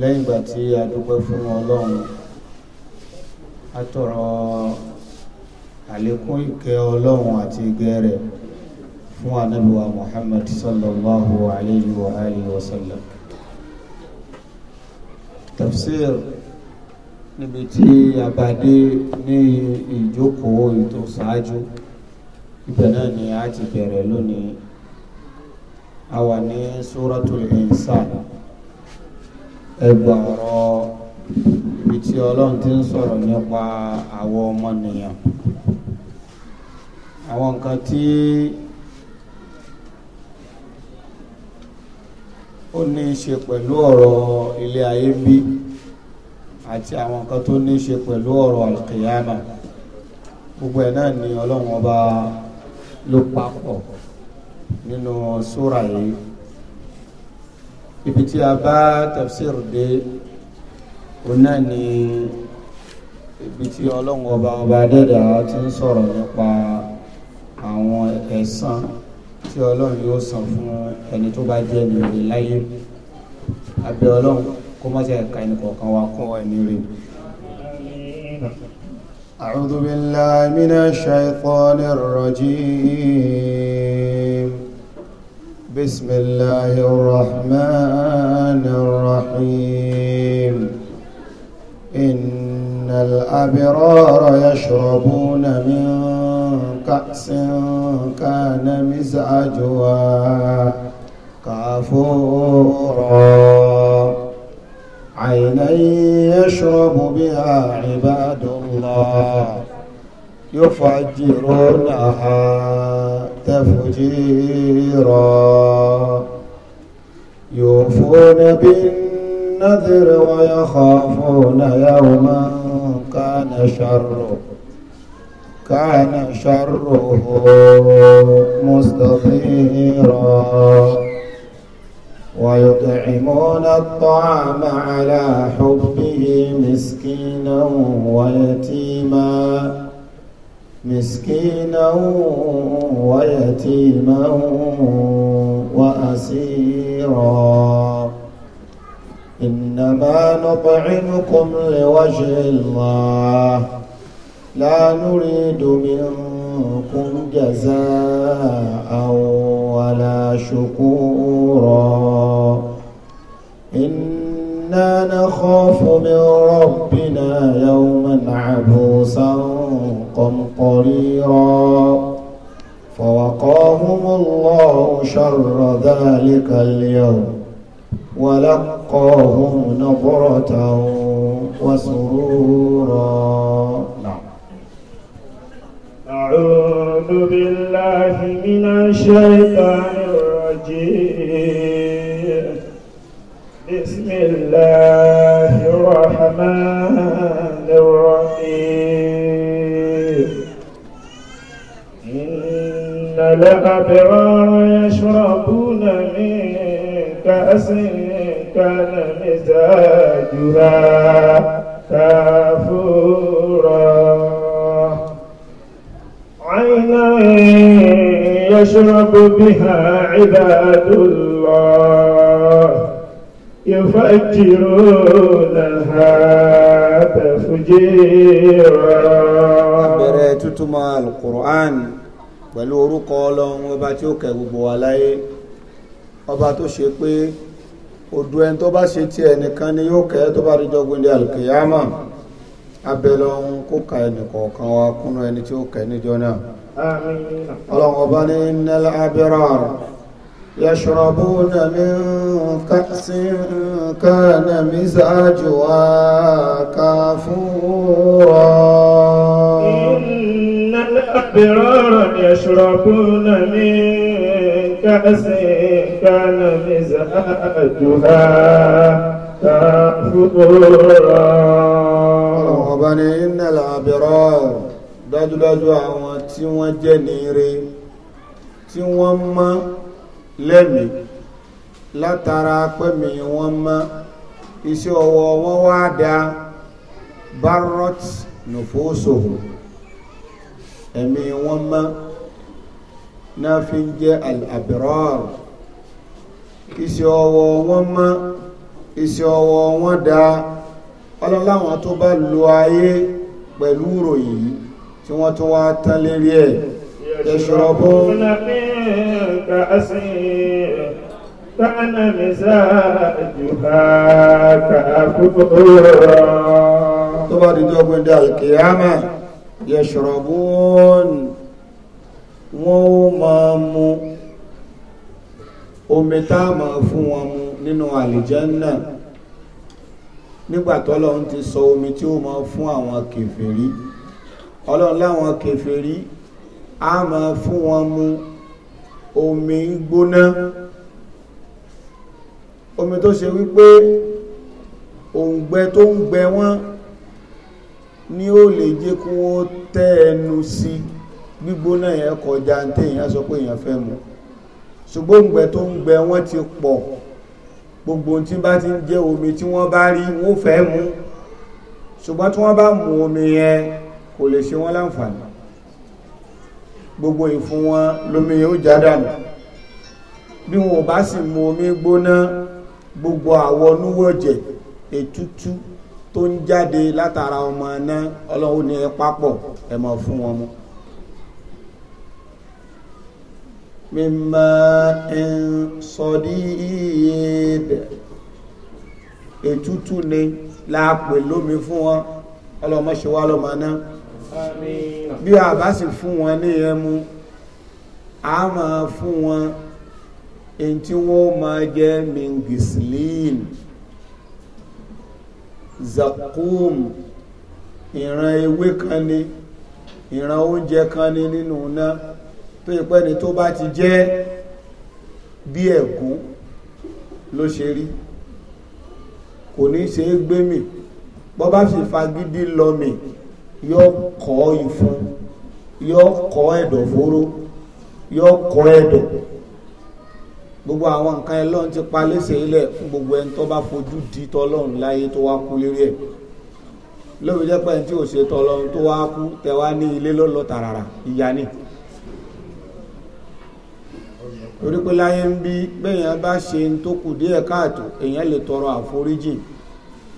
lẹ́yìn ìgbà tí a dúpẹ́ fún ọlọ́run a tọrọ àlékún ìkẹ́ ọlọ́run àti ìgẹ́ rẹ̀ fún ànábì wa Muhammad sallallahu alayhi wa alihi wa sallam tafsir níbi tí a bá dé ní ìjókòó ètò ṣáájú ibẹ̀ náà ni a ti bẹ̀rẹ̀ lónìí a wà ní suratul insan ẹgbà ọ̀rọ̀ ibi tí ọlọ́run ti ń sọ̀rọ̀ nípa àwọn ọmọnìyàn àwọn nǹkan tí ó ní í ṣe pẹ̀lú ọ̀rọ̀ ilé ayé bí àti àwọn nǹkan tó ní í ṣe pẹ̀lú ọ̀rọ̀ alkiyama gbogbo ẹ̀ náà ni ọlọ́run ọba ló papọ̀ nínú súra yìí ibi tí a bá tafsir dé òun náà ni ibi tí ọlọ́run ọba ọba dẹ́dà ti ń sọ̀rọ̀ nípa àwọn ẹ̀san tí ọlọ́run yóò san fún ẹni tó bá jẹ́ ẹni rè láyé abẹ́ ọlọ́run kó má ṣe ẹ̀ka ẹni kọ̀ọ̀kan wa kún ẹni rè. أعوذ بالله من الشيطان الرجيم بسم الله الرحمن الرحيم إن الأبرار يشربون من كأس كان مزعجها كافورا عينا يشرب بها عباد الله يفجرونها تفجيرا يوفون بالنذر ويخافون يوما كان شره كان شره مستطيرا ويطعمون الطعام على حبه مسكينا ويتيما مسكينا ويتيما وأسيرا إنما نطعمكم لوجه الله لا نريد منكم جزاء ولا شكورا إنا نخاف من ربنا يوما عبوسا رزقا قريرا فوقاهم الله شر ذلك اليوم ولقاهم نظرة وسرورا نعم. أعوذ بالله من الشيطان الرجيم بسم الله الأبرار يشربون من كأس كان مزاجها كافورا عينا يشرب بها عباد الله يفجرونها تفجيرا عبر القرآن pẹ̀lú orúkọ ọlọ́run ọba tí ó kẹ́ gbogbo wa láyé ọba tó ṣe pé odò ẹni tó bá ṣe ti ẹnìkan ni yóò kẹ́ tó bá rí jọgbìn ní alùkìyàmà abẹ́lọ́run kó ka ẹnìkọ̀ọ̀kan wa kúnnú ẹni tí ó kẹ́ níjọ́ náà ọlọ́run ọba ní innal abrar yashrabuna min ka'sin kana mizajuha kafura. فرارا يشربون من كأس كان مزاجها كافورا وبني إن الأبرار dájúdájú àwọn tí wọ́n jẹ́ ní ire tí wọ́n mọ́ lẹ́mìí látara pẹ́mì wọ́n mọ́ iṣẹ́ ọwọ́ wọn wá dá barot nufusuhu ẹ̀mí wọn mọ́ náà fi ń jẹ́ al-abrar iṣẹ́ ọwọ́ wọn mọ́ iṣẹ́ ọwọ́ wọn dá ọlọ́láwọn tó bá lo ayé pẹ̀lú ròyìn tí wọ́n tún wá tán lérí ẹ̀ yẹ̀ṣọ́rọ̀bọ́ كان مزاجها كافورا. طبعا دي دوغ من دار القيامه yashrabun wọ́n ó máa mu omi tá a máa fún wọn mu nínú àlìjánná nígbà tọ́lọ́run ti sọ omi tí ó máa fún àwọn kèfèrí ọlọ́run láwọn kèfèrí a máa fún wọn mu omi gbóná omi tó ṣe wípé òǹgbẹ tó ń gbẹ wọ́n ni ó lè jẹ́ kí wọ́n tẹ́ ẹnu sí gbígbóná yẹn kọjá ní téèyàn sọ pé èèyàn fẹ́ mu ṣùgbọ́n òǹgbẹ tó ń gbẹ wọ́n ti pọ̀ gbogbo tí bá ti ń jẹ́ omi tí wọ́n bá rí wọ́n fẹ́ mu ṣùgbọ́n tí wọ́n bá mu omi yẹn kò lè ṣe wọ́n láǹfààní gbogbo ìfún wọn lómi yóò já dànù bí wọn ò bá sì mu omi gbóná gbogbo àwọn onúwọ̀jẹ̀ ètútú tó ń jáde látara ọmọ náà ọlọ́run ní ẹ papọ̀ ẹ máa fún wọn mu. mímọ ẹn sọdí ìyẹ̀dẹ̀ ètútù ni láàpè lómi fún wọn ọlọ́mọ ṣe wá lọ́mọ náà bí a bá sì fún wọn ní ẹmu a máa fún wọn èyí tí wọ́n máa jẹ́ mingislin zakum ìran ewé kan ni ìran oúnjẹ kan ni nínú iná tó ìpẹ́ ni tó bá ti jẹ́ bí ẹ̀gún ló ṣe rí kò ní ṣe é gbé mì bọ́ bá sì fagídí lọ mì yóò kọ́ ìfun yóò kọ́ ẹ̀dọ̀fóró yóò kọ́ ẹ̀dọ̀ gbogbo àwọn nǹkan ẹ lọ́n ti pa léṣe ilẹ̀ fún gbogbo ẹni tó bá fojú di tọ́lọ́run láyé tó wá kú lérí ẹ̀ lóbi jẹ́ pé ẹni tí ò ṣe tọ́lọ́run tó wá kú tẹ wá ní ilé lọ́lọ́ tàràrà ìyá ni torí pé láyé ń bí bẹ́ẹ̀yàn bá ṣe ń tó kù díẹ̀ káàtó èèyàn lè tọrọ àforíjì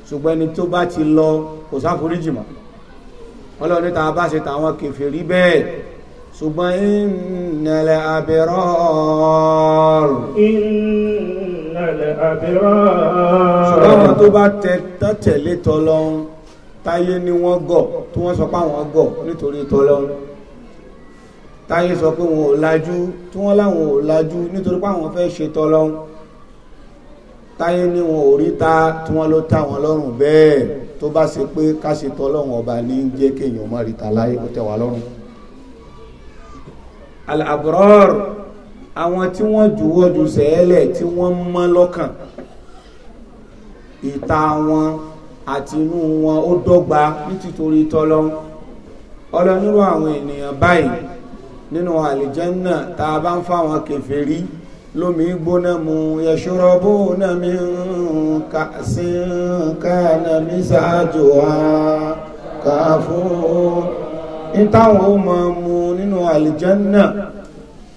ṣùgbọ́n ẹni tó bá ti lọ kò sáforíjì mọ́ ọlọ́run níta bá ṣe tàwọn kèfèrí bẹ́ẹ̀ ṣùgbọ́n ìnàlẹ̀ àbẹ̀rọ̀ọ̀rù ìnàlẹ̀ àbẹ̀rọ̀ọ̀rù ṣùgbọ́n àwọn tó bá tẹ̀lé tọ́lọ́hún táyé ni wọ́n gọ̀ tí wọ́n sọ pé àwọn gọ̀ nítorí tọ́lọ́hún táyé sọ pé wọn ò lajú tí wọ́n láwọn ò lajú nítorí pé àwọn fẹ́ ṣe tọ́lọ́hún táyé ni wọn ò rí ta tí wọ́n ló ta wọn lọ́rùn bẹ́ẹ̀ tó bá ṣe pé ká ṣe tọ́lọ́hún ọba ní jẹ́ kéèyàn má rí ta láyé kó tẹ̀ wá lọ́rùn al-abrar àwọn tí wọ́n juwọ́ ju sẹ́ẹ̀lẹ̀ tí wọ́n mọ́ lọ́kàn ìta wọn àti inú wọn ó dọ́gba nítorí tọ́lọ́hún ọlọ́nírú àwọn ènìyàn báyìí nínú àlìjẹ́nà tá a bá ń fáwọn kèfèrí lómi gbóná mu yẹ̀ṣọ́rọ́bù náà mi kà sí ká náà mi ṣáájú wa kà fún un in táwọn ó mọ mu nínú àlìjánná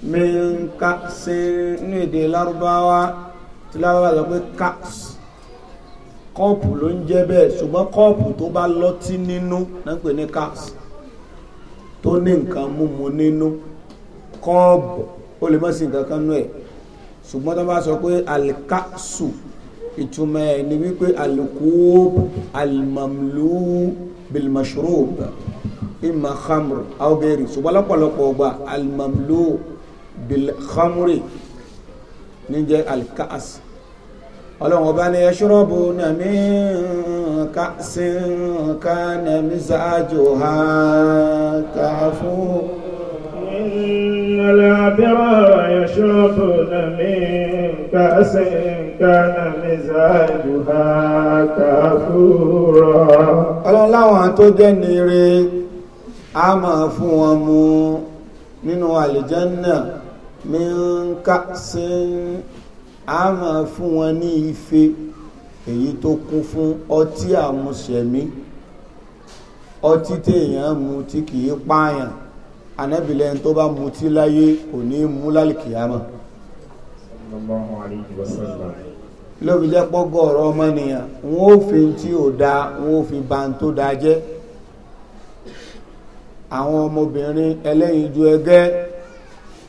min ka'sin nínú èdè lárúbáwá tí lárúbáwá lọ pé ka's kọ́ọ̀pù ló ń jẹ́ bẹ́ẹ̀ ṣùgbọ́n kọ́ọ̀pù tó bá lọ́tí nínú náà ń pè ní ka's tó ní nǹkan múmu nínú kọ́ọ̀bù ó lè má sí nǹkan kan nú ẹ̀ ṣùgbọ́n tó bá sọ pé alikasu ìtumọ̀ ẹ̀ ni wípé alikub alimamlu bilmashrub ima khamr aw bẹẹri ṣùgbọ́n lọ́pọ̀lọpọ̀ ọgbà alimamlo bil khamri níjẹ́ alikaas ọlọ́run ọba ni yashrabu na min ka'sin kana mizaajuha kaafu. إن الأبرار يشربون من كأس كان مزاجها كافورا. ọlọ́run láwọn tó jẹ́ nire a máa fún wọn mu nínú àlìjánà mínká sí a máa fún wọn ní ife èyí tó kún fún ọtí àmúṣẹ̀mí ọtí téèyàn mu tí kì í pààyàn anábìlẹ̀ tó bá mutí láyé kò ní mú lálìkìyàmọ̀ lóbi jẹ́ pọ́gọ́ ọ̀rọ̀ ọmọnìyàn wọ́n ó fi tí ò da wọ́n ó fi ba tó da jẹ́ àwọn ọmọbìnrin ẹlẹ́yinjú ẹgẹ́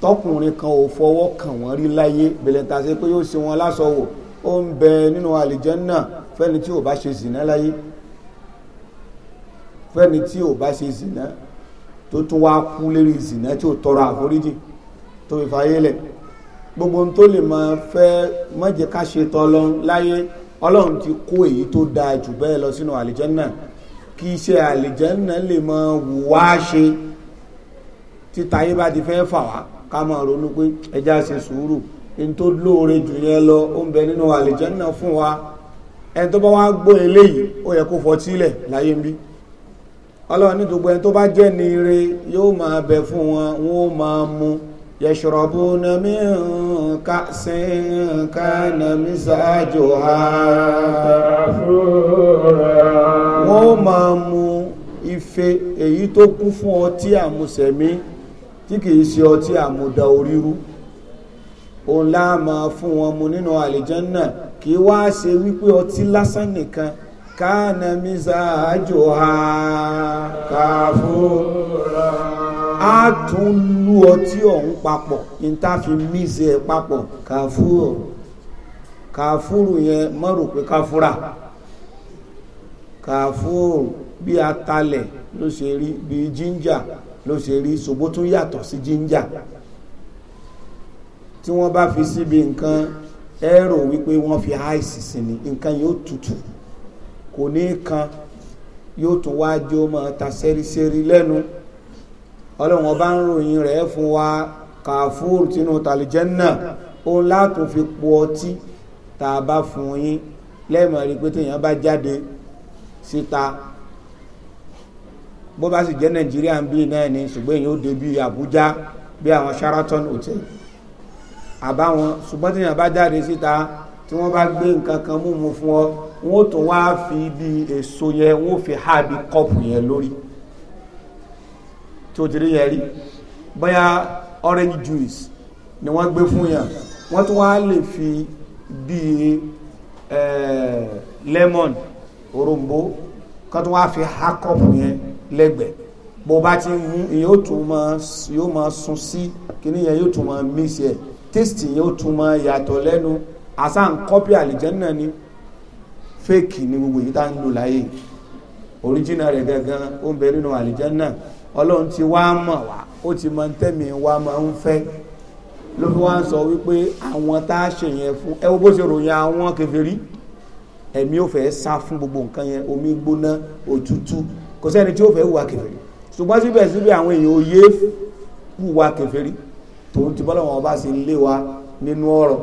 tọkùnrin kan ò fọwọ́ kàn wọ́n rí láyé bẹ̀lẹ̀ta sí pé yóò ṣe wọn lásọwọ́ ó ń bẹ nínú àlìjẹ́nà fẹ́ni tí ò bá ṣe zìnà láyé fẹ́ni tí ò bá ṣe zìnà tó tún wá kú lérí zìnà tí ò tọrọ àforíjì tó fi fàyè lẹ̀ gbogbo tó lè máa fẹ́ mọ̀jẹ̀ ṣe tọ́ lọ láyé ọlọ́run ti kó èyí tó dáa jù bẹ́ẹ̀ lọ sínú àlìjẹ́nà náà kí iṣẹ́ àlìjẹ́nà lè mọ wá ṣe títayé bá ti fẹ́ fà wá ká máa ronú pé ẹja ṣe sùúrù ẹni tó lóore jù yẹn lọ ó ń bẹ nínú àlìjẹ́nà fún wa ẹni tó bá wá gbọ́ eléyìí ó yẹ kó fọtílẹ̀ láyé ń bí ọlọ́run ní gbogbo ẹni tó bá jẹ́ ní ire yóò máa bẹ fún wọn wọn ó máa mu yẹ̀ṣọ̀rọ̀bù nàmí ǹka sí ǹka nàmí ṣáájú ha wọ́n ó máa mu ife èyí tó kún fún ọtí àmùsẹ̀mí tí kìí ṣe ọtí àmùdá oríru òun láà fún wọn mu nínú àlìjánná kì í wá ṣe wípé ọtí lásán nìkan káàna mísáájò ha káfúrà á tún lú ọtí ọ̀hún papọ̀ ìntàfi mísẹ̀ papọ̀ káfúrò káfúrò yẹn mọ́rò pé káfúrà kàfóòrù bí atalẹ̀ ló ṣe rí bí jíńjà ló ṣe rí ṣògbó tún yàtọ̀ sí jíńjà tí wọ́n bá fi síbi nǹkan ẹ̀rọ wípé wọ́n fi áìsì sí ni nǹkan yóò tutù kò ní kan yóò tún wá jẹ́ ó máa ta sẹ́rísẹ́rí lẹ́nu ọlọ́run ọba ń ròyìn rẹ̀ fún wa kàfúrù tínú tàlìjẹ́nà òun látún fi po ọtí tá a bá fún yín lẹ́ẹ̀mọ̀ rí pé téèyàn bá jáde síta bó bá sì jẹ́ nàìjíríà ń bí náà ni ṣùgbọ́n èyàn ó dé bí àbújá bí àwọn sheraton hotel àbáwọn ṣùgbọ́n tí èyàn bá jáde síta tí wọ́n bá gbé nǹkan kan mú mu fún ọ wọ́n tún wá fi bí èso yẹn wọ́n fi há bí kọ́ọ̀pù yẹn lórí tí ó ti rí yẹn rí bóyá orange juice ni wọ́n gbé fún yàn wọ́n tún wá lè fi bí eh, lemon òrombó kan tó wá fi há kọ́ọ̀pù yẹn lẹ́gbẹ̀ẹ́ bó bá ti mú yóò tún mọ yóò mọ sun sí kíní yẹn yóò tún mọ mísì ẹ̀ tẹ́sítì yóò tún mọ yàtọ̀ lẹ́nu àṣà ń kọ́pì àlìjẹ́nà ni fẹ́ẹ̀kì ni gbogbo yìí tá ń lò láyé oríjìnà rẹ̀ gangan ó ń bẹ nínú àlìjẹ́nà ọlọ́run ti wá mọ̀ wá ó ti mọ tẹ́mi wá máa ń fẹ́ ló fi wá sọ wípé àwọn tá a ṣèyẹn fún ẹ wo bó ṣe ròyìn àwọn kèfèrí ẹ̀mí ò fẹ́ sá fún gbogbo nǹkan yẹn omi gbóná òtútù kò sẹ́ni tí ó fẹ́ hùwà kèfèrí ṣùgbọ́n síbẹ̀síbẹ̀ àwọn èèyàn òye hùwà kèfèrí tòun ti bọ́lá wọn bá ṣe lé wa nínú ọ̀rọ̀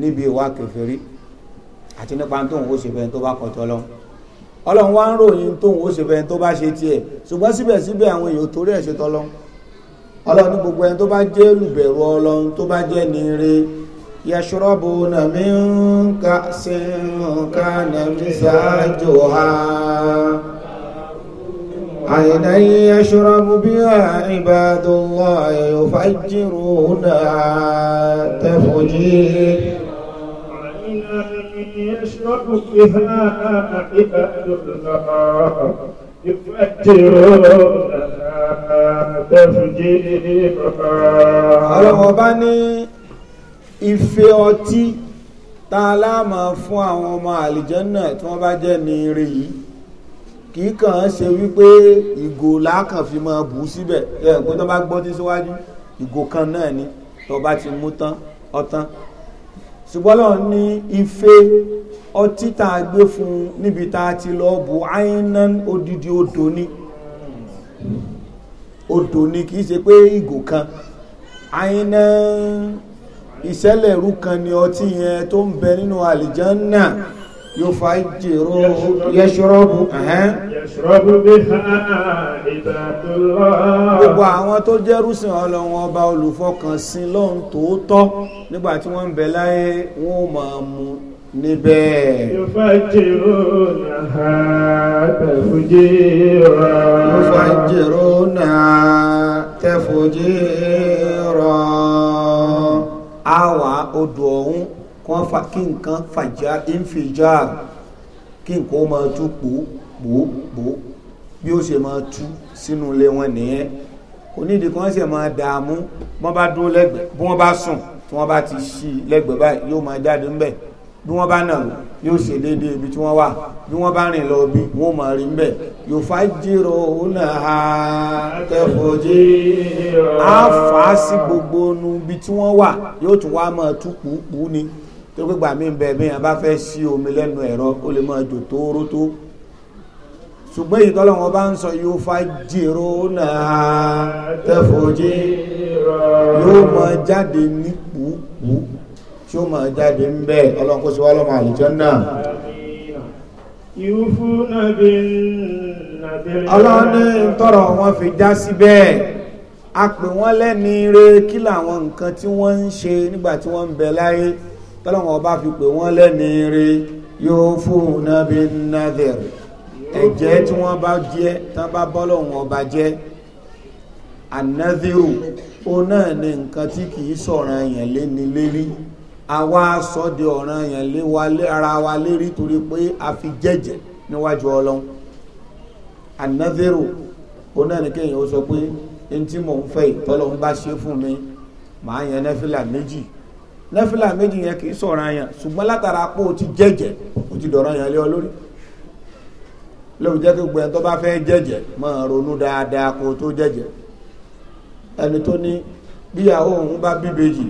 níbi ìwà kèfèrí àti nípa tóun ó ṣe fẹ́ tó bá kọjọ lọ ọlọ́run wá ń ròyìn tóun ó ṣe fẹ́ tó bá ṣe tiẹ̀ ṣùgbọ́n síbẹ̀síbẹ̀ àwọn èèyàn torí ẹ̀ ṣe tọ́lọ́ ọlọ́run gbogbo ẹni tó bá jẹ́ olùbẹ̀rù ọlọ́run tó bá jẹ́ ní يشربون من كأس كان مزاجها عينا يشرب بها عباد الله يفجرونها تفجيرا يشرب بها عباد الله يفجرونها تفجيرا ife ọtí tá a láàmà fún àwọn ọmọ àlìjẹ́nà tí wọ́n bá jẹ́ ní ire yìí kì í kàn án ṣe wípé ìgò lákàn fi máa bù ú síbẹ̀ ẹ̀ pé tó bá gbọ́ tí síwájú ìgò kan náà ni tó bá ti mú tán ọtán ṣùgbọ́n lọ́n ní ife ọtí tá a gbé fún níbi tá a ti lọ bu àìnán odidi odò ni odò ni kì í ṣe pé ìgò kan àìnán ìṣẹ̀lẹ̀ ẹ̀rú kan ni ọtí yẹn tó ń bẹ nínú àlìjánná yóò fa jèrò yẹsùrọ́bù. yẹsùrọ́bù bí ìbàdúrà. gbogbo àwọn tó jẹ́rùsìn ọlọ́run ọba olùfọkànsìn lọ́hùn tòótọ́ nígbà tí wọ́n ń bẹ láyé wọ́n ò máa níbẹ̀. yóò fa jèrò náà tẹ̀fùjì rọ̀. yóò fa jèrò náà tẹ̀fùjì rọ̀ wà odò ọ̀hún kọ́ fa kí nǹkan fàjà infijar kí nǹkan ó máa tú pòópòópò bí ó ṣe máa tú sínú ilé wọn nìyẹn kò nídìí kan ṣe máa dààmú bí wọ́n bá dúró lẹ́gbẹ̀ẹ́ bí wọ́n bá sùn tí wọ́n bá ti ṣí lẹ́gbẹ̀ẹ́ báyìí yóò máa jáde ńbẹ̀ bí wọ́n bá nà yóò ṣe déédé ibi tí wọ́n wà bí wọ́n bá rìn lọ bí wọ́n mọ̀ rí ń bẹ̀ yóò fa jírò ọ̀nà ha tẹ̀fọ̀jì á fà á sí gbogbo nu ibi tí wọ́n wà yóò tún wá máa tú pùpù ni tó gbégbà mí bẹ mí a bá fẹ́ sí omi lẹ́nu ẹ̀rọ ó lè máa jò tóóró tó ṣùgbọ́n èyí tọ́lọ́ wọn bá ń sọ yóò fa jírò ọ̀nà ha tẹ̀fọ̀jì yóò máa jáde ní pùpù tí ó máa jáde ń bẹ́ ọlọ́run kó sí wá lọ́mọ àlùjánnà ọlọ́run ní tọrọ wọn fi já síbẹ̀ a pè wọ́n lẹ́ni re kí làwọn nǹkan tí wọ́n ń ṣe nígbà tí wọ́n ń bẹ láyé tọ́lọ́wọ́n ọba fi pè wọ́n lẹ́ni re yóò fún nàbí nàdẹ̀rẹ̀ ẹ̀jẹ̀ tí wọ́n bá jẹ́ tán bá bọ́lọ́wọ́n ọba jẹ́ ànádìrù ó náà ní nǹkan tí kì sọ̀ràn yẹn léni lérí àwa sọ di ọ̀ràn yẹn lé wa lé ara wa lérí torí pé a fi jẹ́jẹ́ níwájú ọlọ́run anadero onáníkéyìn ó sọ pé ntí mò ń fẹ́ ìtọ́lọ́run bá ṣe fún mi màá yẹn nẹ́fìlà méjì nẹ́fìlà méjì yẹn kì í sọ̀ràn yẹn ṣùgbọ́n látara pé o ti jẹ́jẹ́ o ti dọ̀ràn yẹn lé ọ lórí lóbi jẹ́ kí gbẹ̀yìn bá fẹ́ jẹ́jẹ́ máa ronú dáadáa kó o tó jẹ́jẹ́ ẹni tó ní bíyàwó òun bá bí bèjì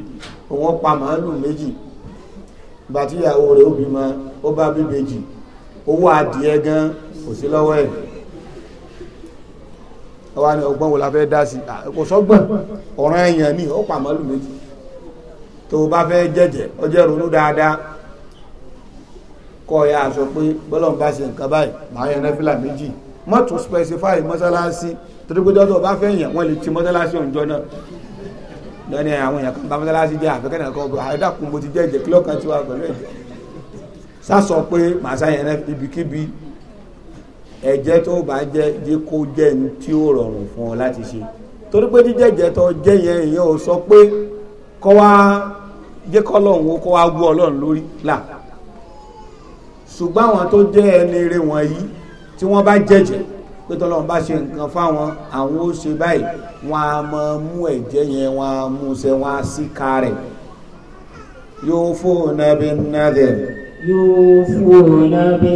òun pa màálù méjì ìgbà tí ìyàwó rẹ̀ ó bímọ ó bá bí méjì owó adìẹ gan kò sí lọ́wọ́ ẹ̀ ọwọ́ ni ọgbọ́n wo la fẹ́ dá sí kò sọ́gbọ́n ọ̀ràn èèyàn ni ó pa màálù méjì tó o bá fẹ́ jẹ́jẹ́ ọjọ́ ronú dáadáa kọ́ ọ̀yà àṣọ pé bọ́lọ̀n bá ṣe nǹkan báyìí máa yẹn náfìlà méjì mọ́tò specify mọ́sálásí torí pé dọ́tọ̀ bá fẹ́ yàn wọ́n lè ti mọ́sálásí òǹjọ́ náà lọ́ni àwọn èèyàn kan bá mọ́sálásí jẹ́ àfikẹ́nà kan gbọ́ àdàkùn mo ti jẹ́ ìjẹ́ kílọ̀ kan tí wà pẹ̀lú ẹ̀jẹ̀ sásọ pé màsá yẹn náà ibikíbi ẹ̀jẹ̀ tó bá jẹ́ jẹ́ kó jẹ́ ní tí ó rọrùn fún ọ láti ṣe torí pé jíjẹ́ ìjẹ́ tó jẹ́ yẹn èèyàn ò sọ pé kọ́ wá jẹ́ kọ́ lọ́hùn ó wá gbọ́ ọlọ́run lórí là ṣùgbọ́n àwọn tó jẹ́ ẹni rẹ̀ wọ̀nyí tí wọ́n bá jẹ́jẹ́ pé tọ́lọ́run bá ṣe nǹkan fáwọn àwọn ó ṣe báyìí wọn a máa mú ẹ̀jẹ̀ yẹn wọn a mú ṣe wọn a sì ka rẹ̀ yóò fóun nàbí nàdẹ̀. yóò fóun nàbí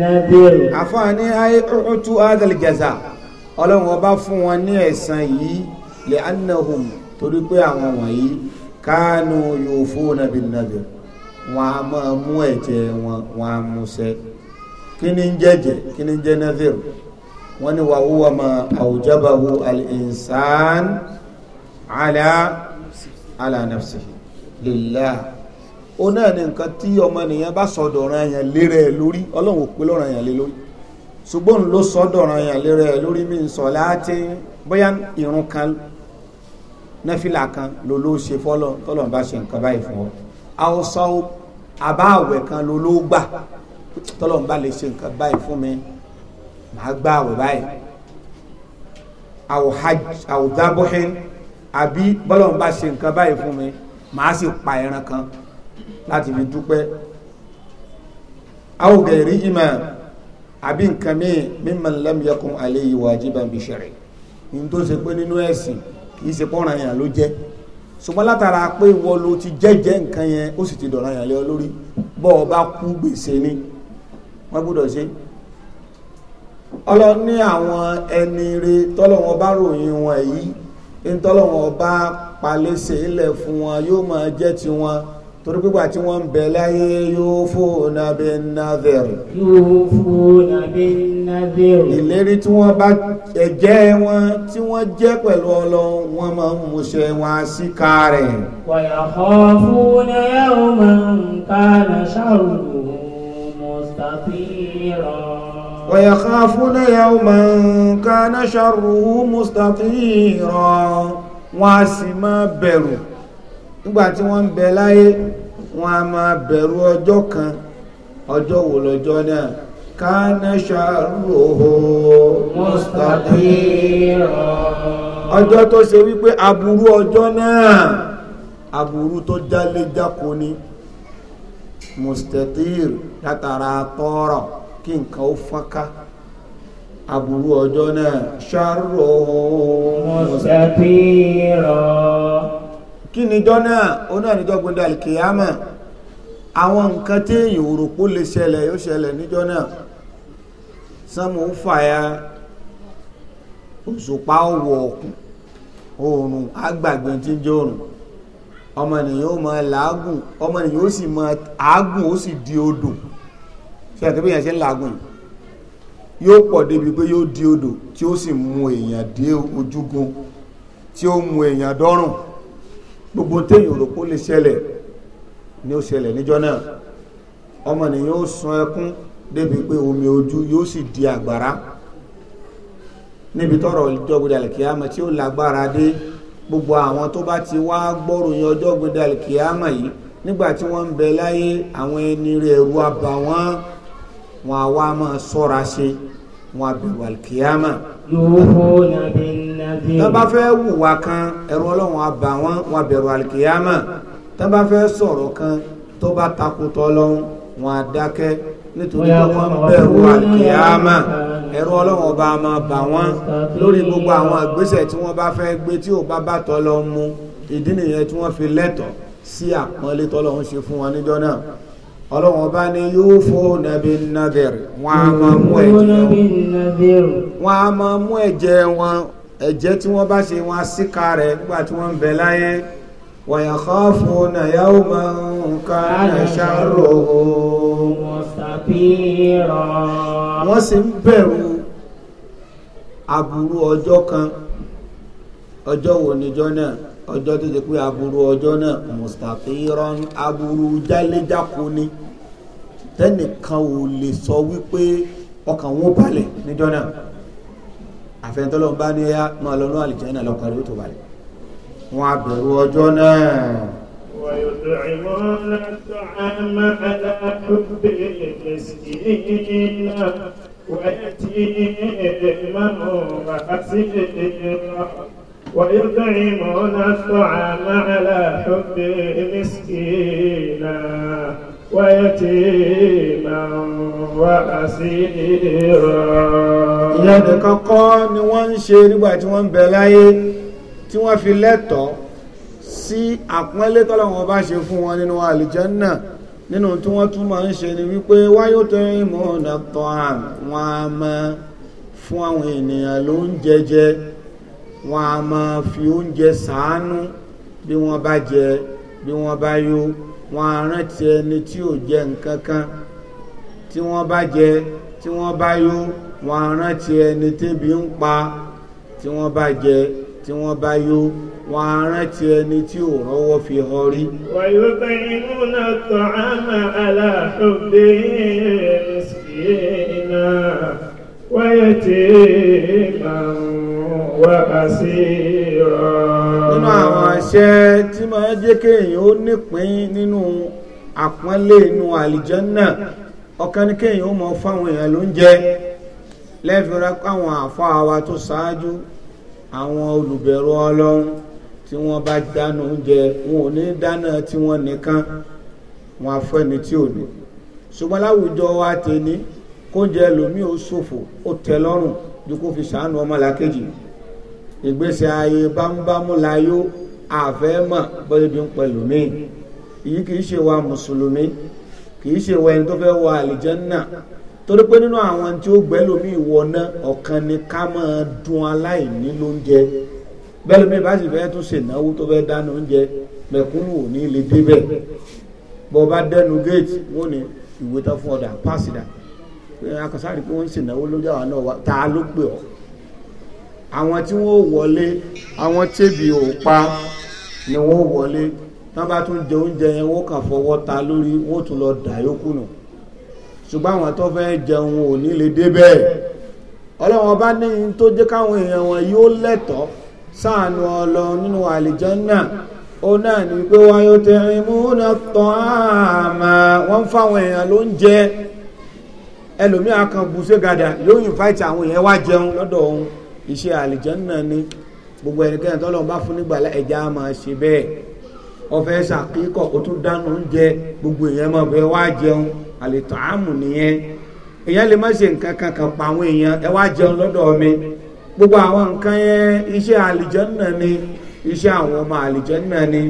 nàdẹ̀. àfààní ayé ọ̀tú adàlìjàzà ọlọ́run ọba fún wọn ní ẹ̀san yìí lè anahum torí pé àwọn wọ̀nyí kánú yóò fóun nàbí nàdẹ̀ wọn a máa mú ẹ̀jẹ̀ wọn wọn a mú ṣe kí ni ń kí ni ń jẹ́ wọ́n ní wa huwa ma awjabahu al-insan ala ala nafsihi lillah ó náà ní nǹkan tí ọmọnìyàn bá sọ̀dọ̀ ọ̀ràn yẹn lérè lórí ọlọ́run ò pé lọ́ràn yẹn lé lórí ṣùgbọ́n ló sọ́dọ̀ ọ̀ràn yẹn lérè lórí mi ń sọ láti bóyá irun kan náfìlà kan ló ló ṣe fọ́lọ́ tọ́lọ́run bá ṣe nǹkan báyìí fún ọ àwòsàn àbáwẹ̀ kan ló ló gbà tọ́lọ́run bá lè ṣe nǹkan báyìí fún mi màá gbá àwẹ̀ báyìí àwò hajj àwò dábọ́hìn àbí bọ́lọ̀ ń bá ṣe nǹkan báyìí fún mi màá sì pa ẹran kan láti fi dúpẹ́ àwò gẹ̀rí ìmọ̀ àbí nǹkan míì mimman lam yakun alayhi wajiban bi shar'i ní tó ṣe pé nínú ẹ̀sìn kì í ṣe pọ́nrán yẹn ló jẹ́ ṣùgbọ́n látara pé ìwọ ló ti jẹ́jẹ́ nǹkan yẹn ó sì ti dọ̀ràn yẹn lé ọ lórí bọ́ ọ bá kú gbèsè ni wọ́n gbọ́dọ̀ ṣe é ọlọ́run ní àwọn ẹni re tọ́lọ́wọ́n bá ròyìn wọn yìí ní tọ́lọ́wọ́n bá palẹ́sẹ̀ ilẹ̀ fún wọn yóò máa jẹ́ tiwọn torí pípa tí wọ́n ń bẹ láyé yóò fóònà bí nàdẹ̀rì. yóò fóònà bí nàdẹ̀rì. ìlérí tí wọ́n bá jẹ́ wọn tí wọ́n jẹ́ pẹ̀lú ọlọ́run wọ́n máa ń múṣẹ wọn síkà rẹ̀. wàyà kọ́ fún náírà máa ń ká náà ṣàrùn mọ́tàbí. ويخافون يوما كان شره مستطيرا wọn a sì máa bẹ̀rù nígbà tí wọ́n ń bẹ láyé wọn a máa bẹ̀rù ọjọ́ kan ọjọ́ wo lọ́jọ́ náà kánà ṣàrùhò mustaqira ọjọ́ tó ṣe wípé aburú náà kí nǹkan ó fọ́nká aburú ọjọ́ náà ṣàrò mọ̀sẹ̀pìrọ̀ kí níjọ́ náà ó náà níjọ́ gbọ́dọ̀ alkiyama àwọn nǹkan tí èyàn òròpó lè ṣẹlẹ̀ yóò ṣẹlẹ̀ níjọ́ náà sánmù ń fàya òṣùpá ọwọ́ ọ̀kùn oòrùn agbàgbé tí ń jẹ́ oòrùn ọmọnìyàn ó máa làágùn ọmọnìyàn ó sì máa àágùn ó sì di odò ṣe àti bí èèyàn ṣe ń làágùn yóò pọ̀ débi pé yóò di odò tí ó sì mú èèyàn dé ojúgun tí ó mú èèyàn dọ́rùn gbogbo téèyàn rò kó lè ṣẹlẹ̀ ni ó ṣẹlẹ̀ níjọ́ náà ọmọ nìyàn ó sun ẹkún débi pé omi ojú yóò sì di àgbàrá níbi tọrọ ọjọ́ gbẹdàlẹ kìámà tí ó lágbára dé gbogbo àwọn tó bá ti wá gbọ́ròyìn ọjọ́ gbẹdàlẹ kìámà yìí nígbà tí wọ́n ń bẹ láyé àwọn ẹni rẹ̀ ẹ̀rù abà wọn àwa máa sọ́ra ṣe wọn àbẹ̀wò àlùkìyàmà. yuhuna bin nadhir. tó bá fẹ́ wùwà kan ẹ̀rọ ọlọ́run àbà wọn wọn àbẹ̀wò àlùkìyàmà tó bá fẹ́ sọ̀rọ̀ kan tó bá takùtọ̀ ọlọ́run wọn àdákẹ́ nítorí pé wọ́n bẹ̀rù àlùkìyàmà ẹ̀rù ọlọ́run ọba bà wọ́n lórí gbogbo àwọn ìgbésẹ̀ tí wọ́n bá fẹ́ gbé tí ò bá bá tọ́ lọ mu ìdí nìyẹn tí wọ́n fi lẹ́tọ̀ọ́ sí àpọ́nlé tọ́lọ́run ṣe fún wọn níjọ́ náà ọlọ́run ọba ni yóò fọ nàbí nàdẹ̀rì wọn a máa mú ẹ̀jẹ̀ wọn a máa mú ẹ̀jẹ̀ wọn ẹ̀jẹ̀ tí wọ́n bá ṣe wọn síka rẹ̀ nígbà tí wọ́n ń bẹ láyé wa yakhafuna yawman kana sharruhu mustaqira. wọ́n sì ń bẹ̀rù aburú ọjọ́ kan ọjọ́ wo níjọ́ náà ọjọ́ tó ti pé aburú ọjọ́ náà mustaqiran aburú jáléjáko ni tẹ́nìkan ò lè sọ wípé ọkàn wọn balẹ̀ níjọ́ náà àfẹnitọ́lọ́ bá ní ẹyá máa lọ ní àlìjánnà lọ́kàn rẹ̀ ó tó balẹ̀ wọn àbẹ̀rù ọjọ́ náà. ويطعمون الطعام على حبه مسكينا ويتيما وحسيرا ويطعمون الطعام على حبه مسكينا ويتيما وأسيرا ìyẹn nìkan kọ́ ni wọ́n ń ṣe nígbà tí wọ́n ń bẹ láyé tí wọ́n fi lẹ́tọ̀ọ́ sí àpọ́nlé tọ́lọ́wọ́n bá ṣe fún wọn nínú àlìjẹ́nnà nínú tí wọ́n tún máa ń ṣe ni wípé wáyé tó ń mọ̀ ọ̀nà tọ́ àwọn àmọ́ fún àwọn ènìyàn ló ń jẹjẹ́ wọn a máa fi oúnjẹ sàánú bí wọ́n bá jẹ bí wọ́n bá yó wọn a rántí ẹni tí ò jẹ nǹkan kan tí wọ́n bá jẹ tí wọ́n bá yó wọn a rántí ẹni tébi ń pa tí wọ́n bá jẹ tí wọ́n bá yó wọn a rántí ẹni tí ò rọ́wọ́ fi họ rí. wàyó tẹ inú náà tọ́ àmà aláàfin bẹ́ẹ̀ ṣì náà wáyé tẹ́ ẹ wákàsíra. nínú àwọn àṣẹ tí máa jẹ́ kéèyàn ó nípín nínú àpọ́nlé inú àlìjánná ọ̀kan ní kéèyàn ó mọ fáwọn èèyàn ló ń jẹ lẹ́fìrẹ́ káwọn àfáà wa tó ṣáájú àwọn olùbẹ̀rù ọlọ́run tí wọ́n bá dáná oúnjẹ wọn ò ní dáná tí wọ́n nìkan wọn afẹ́ni tí ò ní ṣùgbọ́n láwùjọ wa tèmi kóúnjẹ lòmíì ó ṣòfò ó tẹ́ lọ́rùn ju kó fi ṣàánú ọmọlàkejì ìgbésí ayé bámúbámú láyó àfẹ́mọ̀ bọ́lẹ́bí ń pẹ̀lú mi èyí kìí ṣe wa mùsùlùmí kìí ṣe wa ẹni tó fẹ́ wọ àlìjẹ́nà torí pé nínú àwọn tí ó gbẹ́lómi ìwọ̀nà ọ̀kan ni ká máa dun aláìní lóúnjẹ bẹ́lómi bá sì fẹ́ tún ṣènáwó tó fẹ́ dáná oúnjẹ mẹ̀kúnnù ò ní lè débẹ̀ bọ́ bá dẹnu géètì wọ́n ní ìwé tán fún ọ̀dà páàsì dà pé akọ̀sáàrí pé wọ́n ń ṣènáwó lóúnjẹ àwọn náà ta ló pè ọ́ àwọn tí wọ́n wọlé àwọn tẹ́bi ò pa ni wọ́n wọlé tán bá tún jẹ oúnjẹ yẹn wọ́n kàn fọwọ́ ta lórí wọ́n tún lọ dà yókù nù ṣùgbọ́n àwọn tó fẹ́ jẹun ò ní lè dé bẹ́ẹ̀ ọlọ́wọ́n bá ní tó jẹ́ káwọn èèyàn wọn yóò lẹ́tọ̀ọ́ sáànù ọlọ́run nínú àlìjẹ́nà ó náà ní pé wáyé tẹ ìmúna tán àmà wọ́n fáwọn èèyàn ló ń jẹ ẹlòmíà kan bù ségada yóò invite àwọn èèyàn wá jẹun lọ́dọ̀ òun iṣẹ́ àlìjánná ni gbogbo ẹnikẹ́ni tọ́lọ́ bá fún nígbà ẹja máa ṣe bẹ́ẹ̀ ọfẹ́ ṣàkíkọ̀ kó tún dánú oúnjẹ gbogbo èèyàn máa fẹ́ wá jẹun àlètò àmù nìyẹn èèyàn lè má ṣe nǹkan kan pa àwọn èèyàn ẹ wá jẹun lọ́dọ̀ mi gbogbo àwọn nǹkan yẹn iṣẹ́ àlìjánná ni iṣẹ́ àwọn ọmọ àlìjánná ni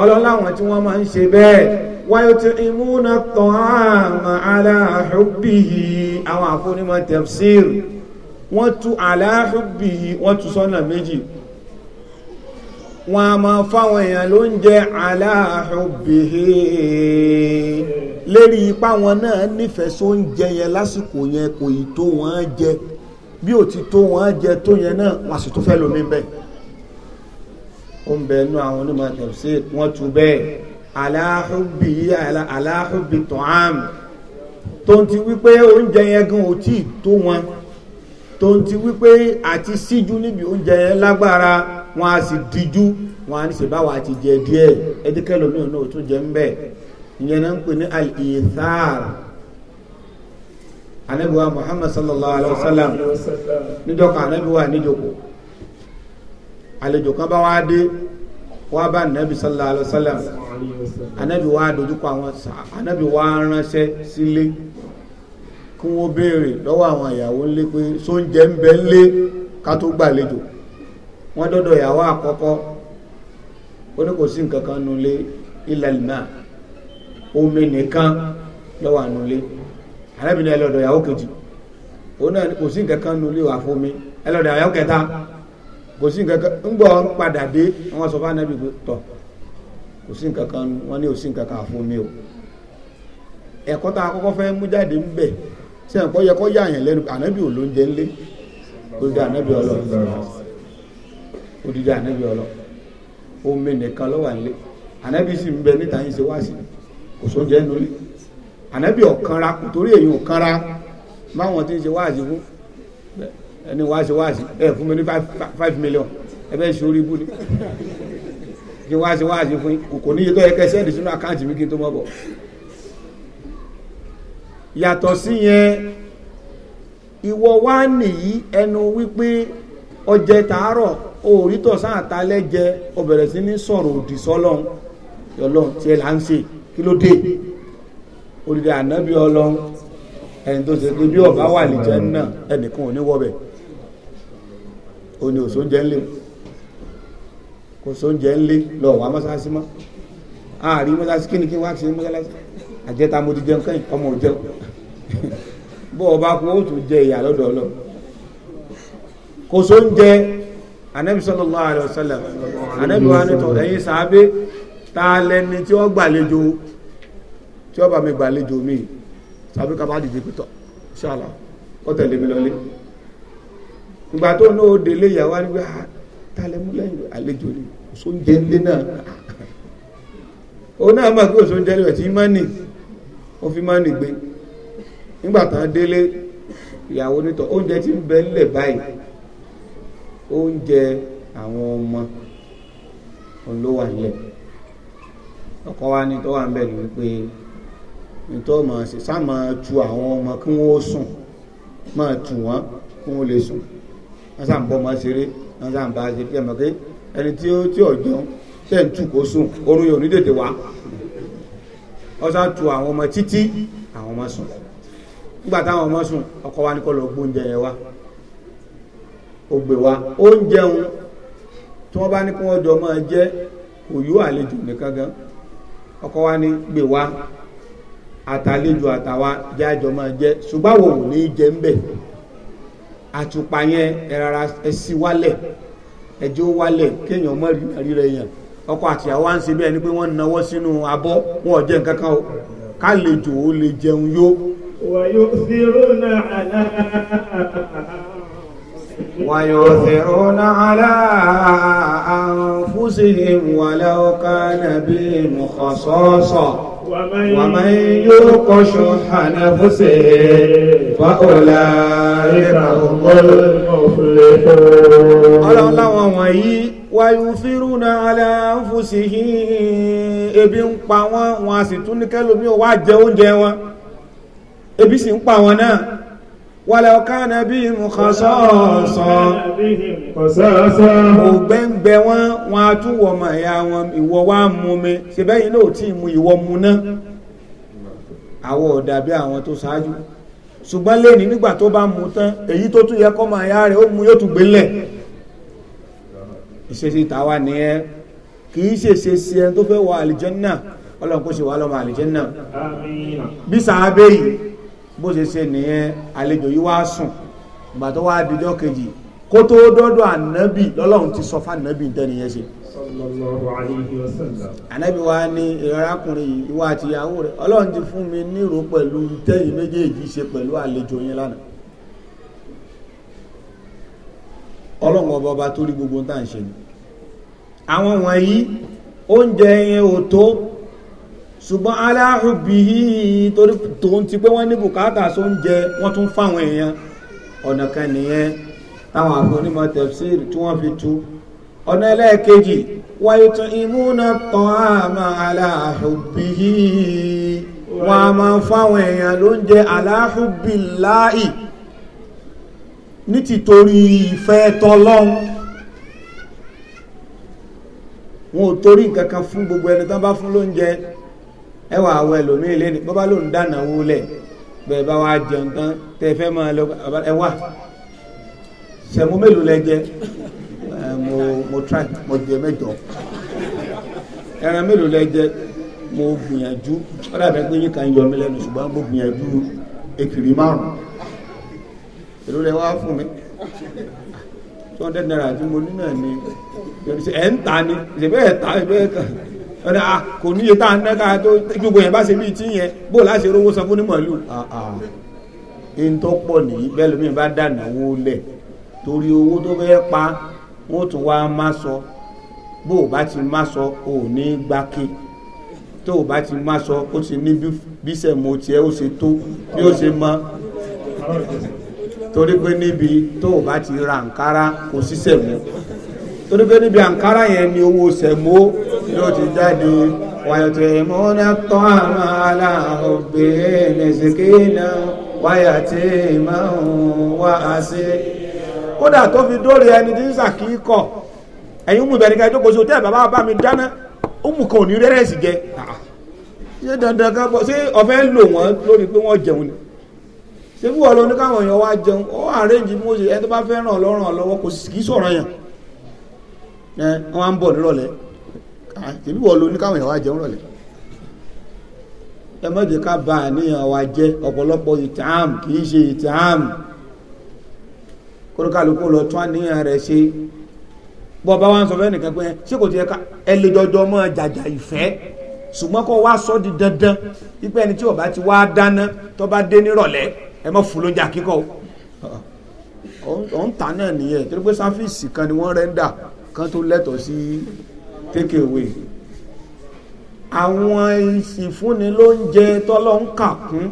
ọlọ́láwọn tí wọ́n máa ń ṣe bẹ́ẹ̀ wáyé tí imúna tọ́ àmà aláhùbìhì àwọn àfúnímọ̀ tẹ̀fsíìrì wọ́n tú aláhùbì wọ́n tú sọ́nà méjì wọ́n a máa fáwọn èèyàn ló ń jẹ́ aláhùbì lérí ipá wọn náà nífẹ̀ẹ́ só ń jẹ yẹn lásìkò yẹn kò ì tó wọ́n jẹ bí ò ti tó wọ́n jẹ tó yẹn náà wọ́n sì tún fẹ́ lómi bẹ́ẹ̀ ó ń bẹ inú àwọn onímọ̀ tẹ̀sí wọ́n tu bẹ́ẹ̀ aláhùbì aláhùbì tọ̀hán tó ń ti wípé oúnjẹ yẹn gan ò tí ì tó wọn tó ń ti wípé àti síjú níbi oúnjẹ yẹn lágbára wọn a sì díjú wọn a ní ṣe báwa ti jẹ díẹ̀ ẹdíkẹlò mi ò náà tún jẹ ń bẹ ìyẹn náà ń pè ní al anabiwa muhammad sallallahu alaihi wa sallam níjọka anabiwa níjọkọ àlejò kan bá wá dé wá bá nàbì sallallahu alaihi wa sallam anabi wá dojúkọ àwọn sàn anabi wá ránṣẹ́ sílé. kí wọ́n béèrè lọ́wọ́ àwọn ìyàwó ńlé pé sóúnjẹ ń bẹ ńlé ká tó gbàlejò wọ́n dọ́dọ̀ ìyàwó àkọ́kọ́ ó ní kò sí nǹkan kan nulẹ̀ ilẹ̀ náà omi nìkan lọ́wọ́ ànulẹ̀ ẹlọ́dọ̀ ìyàwó kejì ó náà kò sí nǹkan kan nulẹ̀ wà fún mi ẹlọ́dọ̀ kẹta kò o ẹ̀kọ́ tá a ṣe àpọ̀ yẹ kọ́ yà yẹn lẹ́nu ànábì ò ló ń jẹ ńlé odidi ànábì ọlọ odidi ànábì ọlọ omi nìkan ló wà nílé ànábì sì ń bẹ níta yìí ṣe wá sí kò sóúnjẹ nulẹ̀ ànábì ọ̀kanra torí èyí ọ̀kanra máwọn tí ń ṣe wáàsí fún ẹni wáàsí wáàsí ẹ fún mi ní five million ẹ bẹ́ẹ̀ ṣe orí ibú ni kí wáàsí wáàsí fún yín kò ní iye tó yẹ kẹsẹ́ ẹ̀dì sínú àkáǹtì mi kí n tó mọ̀ bọ̀ yàtọ̀ sí yẹn ìwọ wá nìyí ẹnu wípé ọjẹ tàárọ̀ òòrí tọ̀sán àtàlẹ́ jẹ ó bẹ̀rẹ̀ sí ní sọ̀rọ̀ òdì sọ́lọ́hún yọlọ́hún tiẹ̀ là ń ṣe kí ló dé olùdí ànábì ọlọ́hún ẹni tó ṣe pé bí ọba wà ní náà ẹnìkan ò ní wọ́bẹ̀ ó ní òṣóúnjẹ kò sóúnjẹ ńlẹ̀ lọ wà mọ́sáàsì àárín mọ́sáàsì kí ni kí wọ́n ṣe mọ́sáàsì àjẹta mo ti jẹun kẹ́yìn ọmọ ò jẹun bó o bá kú ó tún jẹ ìyá lọ́dọ̀ ọlọ́ kò só ń jẹ anabi sallallahu alaihi wasallam anabi wa ni tọ ẹ̀yin sàábé ta lẹni tí ó gbàlejò tí ó bá mi gbàlejò mi sàábé ká bá dìde pítọ̀ ṣàlà ó tẹ̀lé mi lọlé ìgbà tó ní ó délé ìyàwó àríwá ah, ta lẹ mú lẹ́yìn ni kò só ń jẹ ilé náà òun náà máa kí kò só ń jẹ ilé rẹ̀ tí ó fi máa nìgbé nígbà tán délé ìyàwó nítọ̀ oúnjẹ tí ń bẹ nílẹ̀ báyìí oúnjẹ àwọn ọmọ ló wà nílẹ̀ ọkọ wa ní tó wà ń bẹ̀ ni wípé nítorí ọmọ sí sá máa tu àwọn ọmọ kí wọ́n ó sùn máa tù wọ́n kí wọ́n lè sùn wọ́n sá ń bọ́ ọmọ ṣeré wọ́n sá ń bá ṣe bí ẹ̀mọ́ pé ẹni tí ó tí ò tẹ̀ ń tù kó sùn orun yóò ní tètè wá ọsà tu àwọn ọmọ títí àwọn ọmọ sùn nígbà táwọn ọmọ sùn ọkọ wa ní kó lọ gbóúnjẹ yẹn wa ó gbé wa oúnjẹ òun tí wọ́n bá ní kí wọ́n jọ máa jẹ òyò àlejò nìkan gan ọkọ wa ní gbé wa àtàlejò àtàwa jẹ àjọ máa jẹ ṣùgbọ́n àwọn ò ní jẹ ń bẹ̀ àtùpà yẹn ẹ rárá ẹ sí wálẹ̀ ẹjọ́ wálẹ̀ kéèyàn mọ̀ rí rẹ̀ yàn ọkọ àtìyàwó à ń ṣe bí ẹni pé wọ́n náwó sínú abọ́ wọn ò jẹ nǹkan kan o ká lè jò ó lè jẹun yó. ويؤثرون على ويؤثرون على أنفسهم ولو كان بهم خصاصة ومن يوق شح نفسه فأولئك هم المفلحون wàyùsírùnà aláǹfùsìhì ebi ń pa wọn wọn a sì tún ní kẹlòmí ò wá jẹ oúnjẹ wọn ebi sì ń pa wọn náà wàlẹ̀ ọ̀kánà bí mùkànsọ́ọ̀sọ́ mo gbẹ́ngbẹ́ wọn wọn a tún wọ̀ mọ̀ ẹ̀yà wọn ìwọ wá mú mi ṣèbẹ́yìn náà tí mu ìwọ mu náà àwọ̀ ọ̀dàbí àwọn tó ṣáájú ṣùgbọ́n lẹ́ni nígbà tó bá mu tán èyí tó tún yẹ kọ́ mọ̀ ẹ̀yà rẹ̀ ó mu yóò tún gbélẹ̀ ìṣesí tàwa nìyẹn kì í ṣèṣe sí ẹni tó fẹ́ wọ àlìjẹ́nà ọlọ́run kó ṣe wà lọ́mọ àlìjẹ́nà bí sàábé yìí bó ṣe ṣe nìyẹn àlejò yìí wá sùn ìgbà tó wá dijọ́ kejì kó tó dọ́dọ̀ ànábì lọ́lọ́run ti sọ fún ànábì tẹ́niyẹn ṣe sallallahu alayhi Ànábì wa ni arákùnrin ìwà àtìyàwó rẹ̀ ọlọ́run ti fún mi nírò pẹ̀lú tẹ́yìn méjèèjì ṣe pẹ̀lú àlejò yín lánàá. ọlọ́run ọba ọba tó rí gbogbo tá à ń ṣe ni àwọn wọ̀nyí oúnjẹ yẹn ò tó ṣùgbọ́n aláhùbí torí tòun ti pé wọ́n ní bùkátà sóúnjẹ wọ́n tún fáwọn èèyàn ọ̀nà kan nìyẹn táwọn àfọnímọ̀ tafsir tí wọ́n fi tú ọ̀nà ẹlẹ́ẹ̀kejì wáyé tún ìmúna tán àmà aláhùbí wọ́n a máa fáwọn èèyàn lóúnjẹ aláhùbí láì ní tìtorí ìfẹ́ tọlọ́hun wọn ò torí nǹkan kan fún gbogbo ẹni tán bá fún lóúnjẹ ẹwà àwọn ẹlòmíín lé ní bó bá lóun dáná wó lẹ bẹ́ẹ̀ bá wàá jẹun tán tẹ fẹ́ máa lọ ẹwà sẹmu mélòó lẹ jẹ mo mo try mo jẹ mẹ́jọ ẹran mélòó lẹ jẹ mo gbìyànjú ọ̀dà bẹ́ẹ̀ pé yín kan yọ mí lẹ́nu ṣùgbọ́n mo gbìyànjú ekiri márùn-ún èrò rẹ̀ wá fún mi two hundred naira tí mo ní náà ni ẹ̀ ń ta ni ṣèbẹ́ ẹ̀ ta ẹ̀ bẹ́ẹ̀ kàn ọ̀dà ah, kò níye tá a ná ká tó gbogbo yẹn bá ṣe bíi tí yẹn bó o láṣẹ rówó san fún ah, ah. ní màálù. ẹni pọ̀ nìyí bẹ́ẹ̀ lómi bá dànù owó lẹ̀ torí owó tó fẹ́ pa wọ́n tún wá má sọ bó o bá ti má sọ o ní gbáke tó o bá ti má sọ o ti ní bísẹ̀ mo tiẹ̀ o ṣe tó bí o ṣe mọ́ torí pé níbi tó o bá ti ra àǹkárá kò sí sẹ̀mó torí pé níbi àǹkárá yẹn ni owó sẹ̀mó yóò ti jáde wàyọ̀tẹ̀mọ́nà tọ́ àmà aláhùnbẹ̀ nẹ̀sìkínà wáyàtẹ̀mọ́ wá àṣẹ. kódà tó fi dórí ẹni tí ń sàkíkọ̀ ẹ̀yin mú ìbẹ̀rẹ̀ kájọ́ kóso tẹ́ bàbá bá mi dáná ó kan ò ní rẹ́rẹ́sì jẹ. ṣé dandan ká bọ́ ṣé ọ̀fẹ́ ń lò wọ́n lórí pé wọ́n jẹun ni ṣé bí wọ́n lọ ní káwọn èèyàn wá jẹun ó àrẹ́jì bí wọ́n ṣe ẹni tó bá fẹ́ ràn lọ́rùn lọ́wọ́ kò sì kí sọ̀rọ̀ yàn ẹ wọ́n á ń bọ̀ nírọ̀lẹ́ ṣé bí wọ́n lọ ní káwọn èèyàn wá jẹun rọ̀lẹ́ ẹ má jẹ́ ká bà àníyàn wa jẹ́ ọ̀pọ̀lọpọ̀ ìtààm kì í ṣe ìtààm kórókàlùkù lọ tún àníyàn rẹ̀ ṣe bọ́ bá wá ń sọ fẹ́ nìkan pé ṣé kò ti ká ẹ lè jọjọ mọ́ jàjà ìfẹ́ ṣùgbọ́n kó wá sọ di dandan wípé ẹni tí ó ti wá dáná tó bá dé nírọ̀lẹ́ ẹ mọ̀ fún lóúnjẹ àkíkọ́ ọ̀ ń ta náà nìyẹn torí pé sáfíìsì kan ni wọ́n rẹ́ńdà kan tó lẹ́tọ̀ọ́ sí take away àwọn ìsìnfúnni lóúnjẹ tọ́lọ́ ń kà kún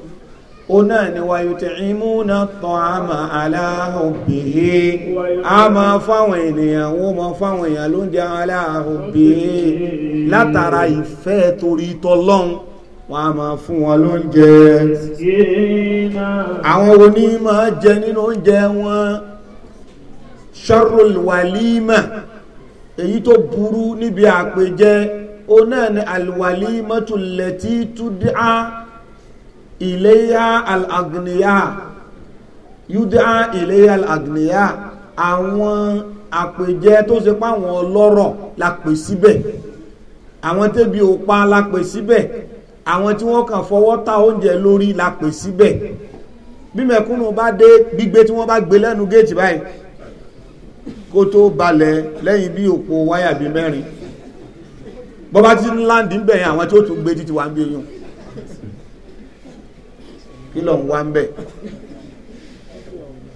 ona ni wa yut'imuna at'ama ala hubbihi a ma fáwọn ènìyàn wọ́n ma fáwọn èèyàn ló ń jẹ ala hubbihi látara ìfẹ́ torí tọlọ́hun wọ́n a máa fún wọn lóúnjẹ àwọn wo ni máa jẹ nínú oúnjẹ wọn sharrul èyí tó burú níbi àpèjẹ ó náà ni alwalimatu lati tud'a iléyà al-agniya yúdá iléyà al àwọn àpèjẹ tó ṣe páwọn ọlọ́rọ̀ la pè síbẹ̀ àwọn tẹ́bi òpa la pè síbẹ̀ àwọn tí wọ́n kàn fọwọ́ ta oúnjẹ lórí la pè síbẹ̀ bí mẹ̀kúnnù bá dé gbígbé tí wọ́n bá gbé lẹ́nu géètì báyìí kó tó balẹ̀ lẹ́yìn bí òpó wáyà bíi mẹ́rin bọ́bá tí ń láǹdì bẹ̀yìn àwọn tí ó tún gbé títí wá ń bí yùn kí ló ń wá ń bẹ̀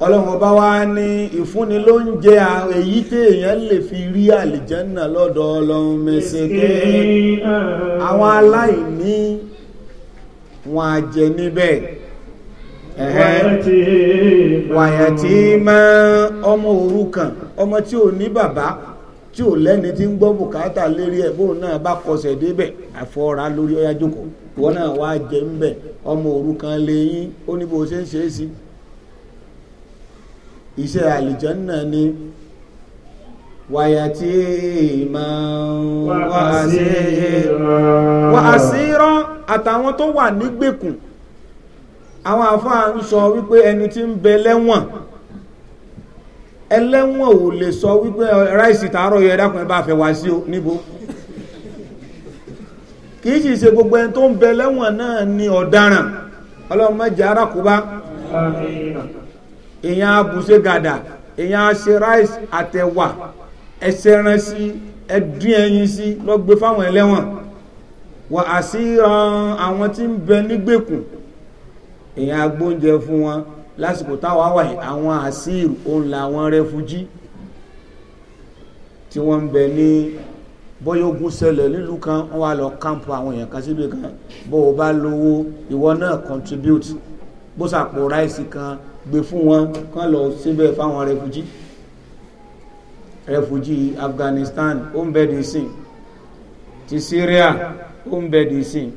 ọlọ́run ọba wa ní ìfúnni ló ń jẹ èyí tí èèyàn lè fi rí àlìjẹ́nà lọ́dọ̀ ọlọ́run mẹ́sẹ̀kẹ́ àwọn aláìní wọn á jẹ níbẹ̀ wàyàtí máa ọmọ òrukàn ọmọ tí ò ní bàbá tí ò lẹ́ni tí ń gbọ́ bùkátà lérí ẹ̀ bóun náà bá kọsẹ̀ débẹ̀ àfọ́ra lórí ọyá jókòó wọn náà wá jẹ ń bẹ̀ ọmọ òrukàn lẹ́yìn ó ní bó ṣe ń ṣe é sí i. iṣẹ́ àlìjánná ni wàyàtí ìmọ̀ wàásírọ́ àtàwọn tó wà nígbèkùn àwọn àfáà ń sọ wípé ẹni tí ń bẹ lẹ́wọ̀n ẹlẹ́wọ̀n ò lè sọ wípé ráìsì tààrọ̀ yọ ẹ̀dá kan bá fẹ́ wá sí o níbo kì sì ṣe gbogbo ẹni tó ń bẹ lẹ́wọ̀n náà ni ọ̀daràn ọlọ́run má arákùbá èèyàn abùsẹ̀ gàdà èèyàn ṣe ráìsì àtẹ̀wà ẹsẹ̀ rán sí ẹdín ẹyin sí lọ gbé fáwọn ẹlẹ́wọ̀n wà á sí ran àwọn tí ń bẹ nígbèkùn èèyàn agbóúnjẹ fún wọn lásìkò táwa wà yìí àwọn àṣírí òun làwọn rẹfújí tí wọ́n ń bẹ ní bóyá ogun nílùú kan wọ́n wá lọ kámpu àwọn èèyàn kan síbi kan bó o bá lówó ìwọ náà contribute bó sàpò ráìsì kan gbé fún wọn kán lọ síbẹ̀ fáwọn rẹfújí rẹfújí Afghanistan ó ń bẹ́ẹ̀ dínsìn ti Syria ó ń bẹ́ẹ̀ dínsìn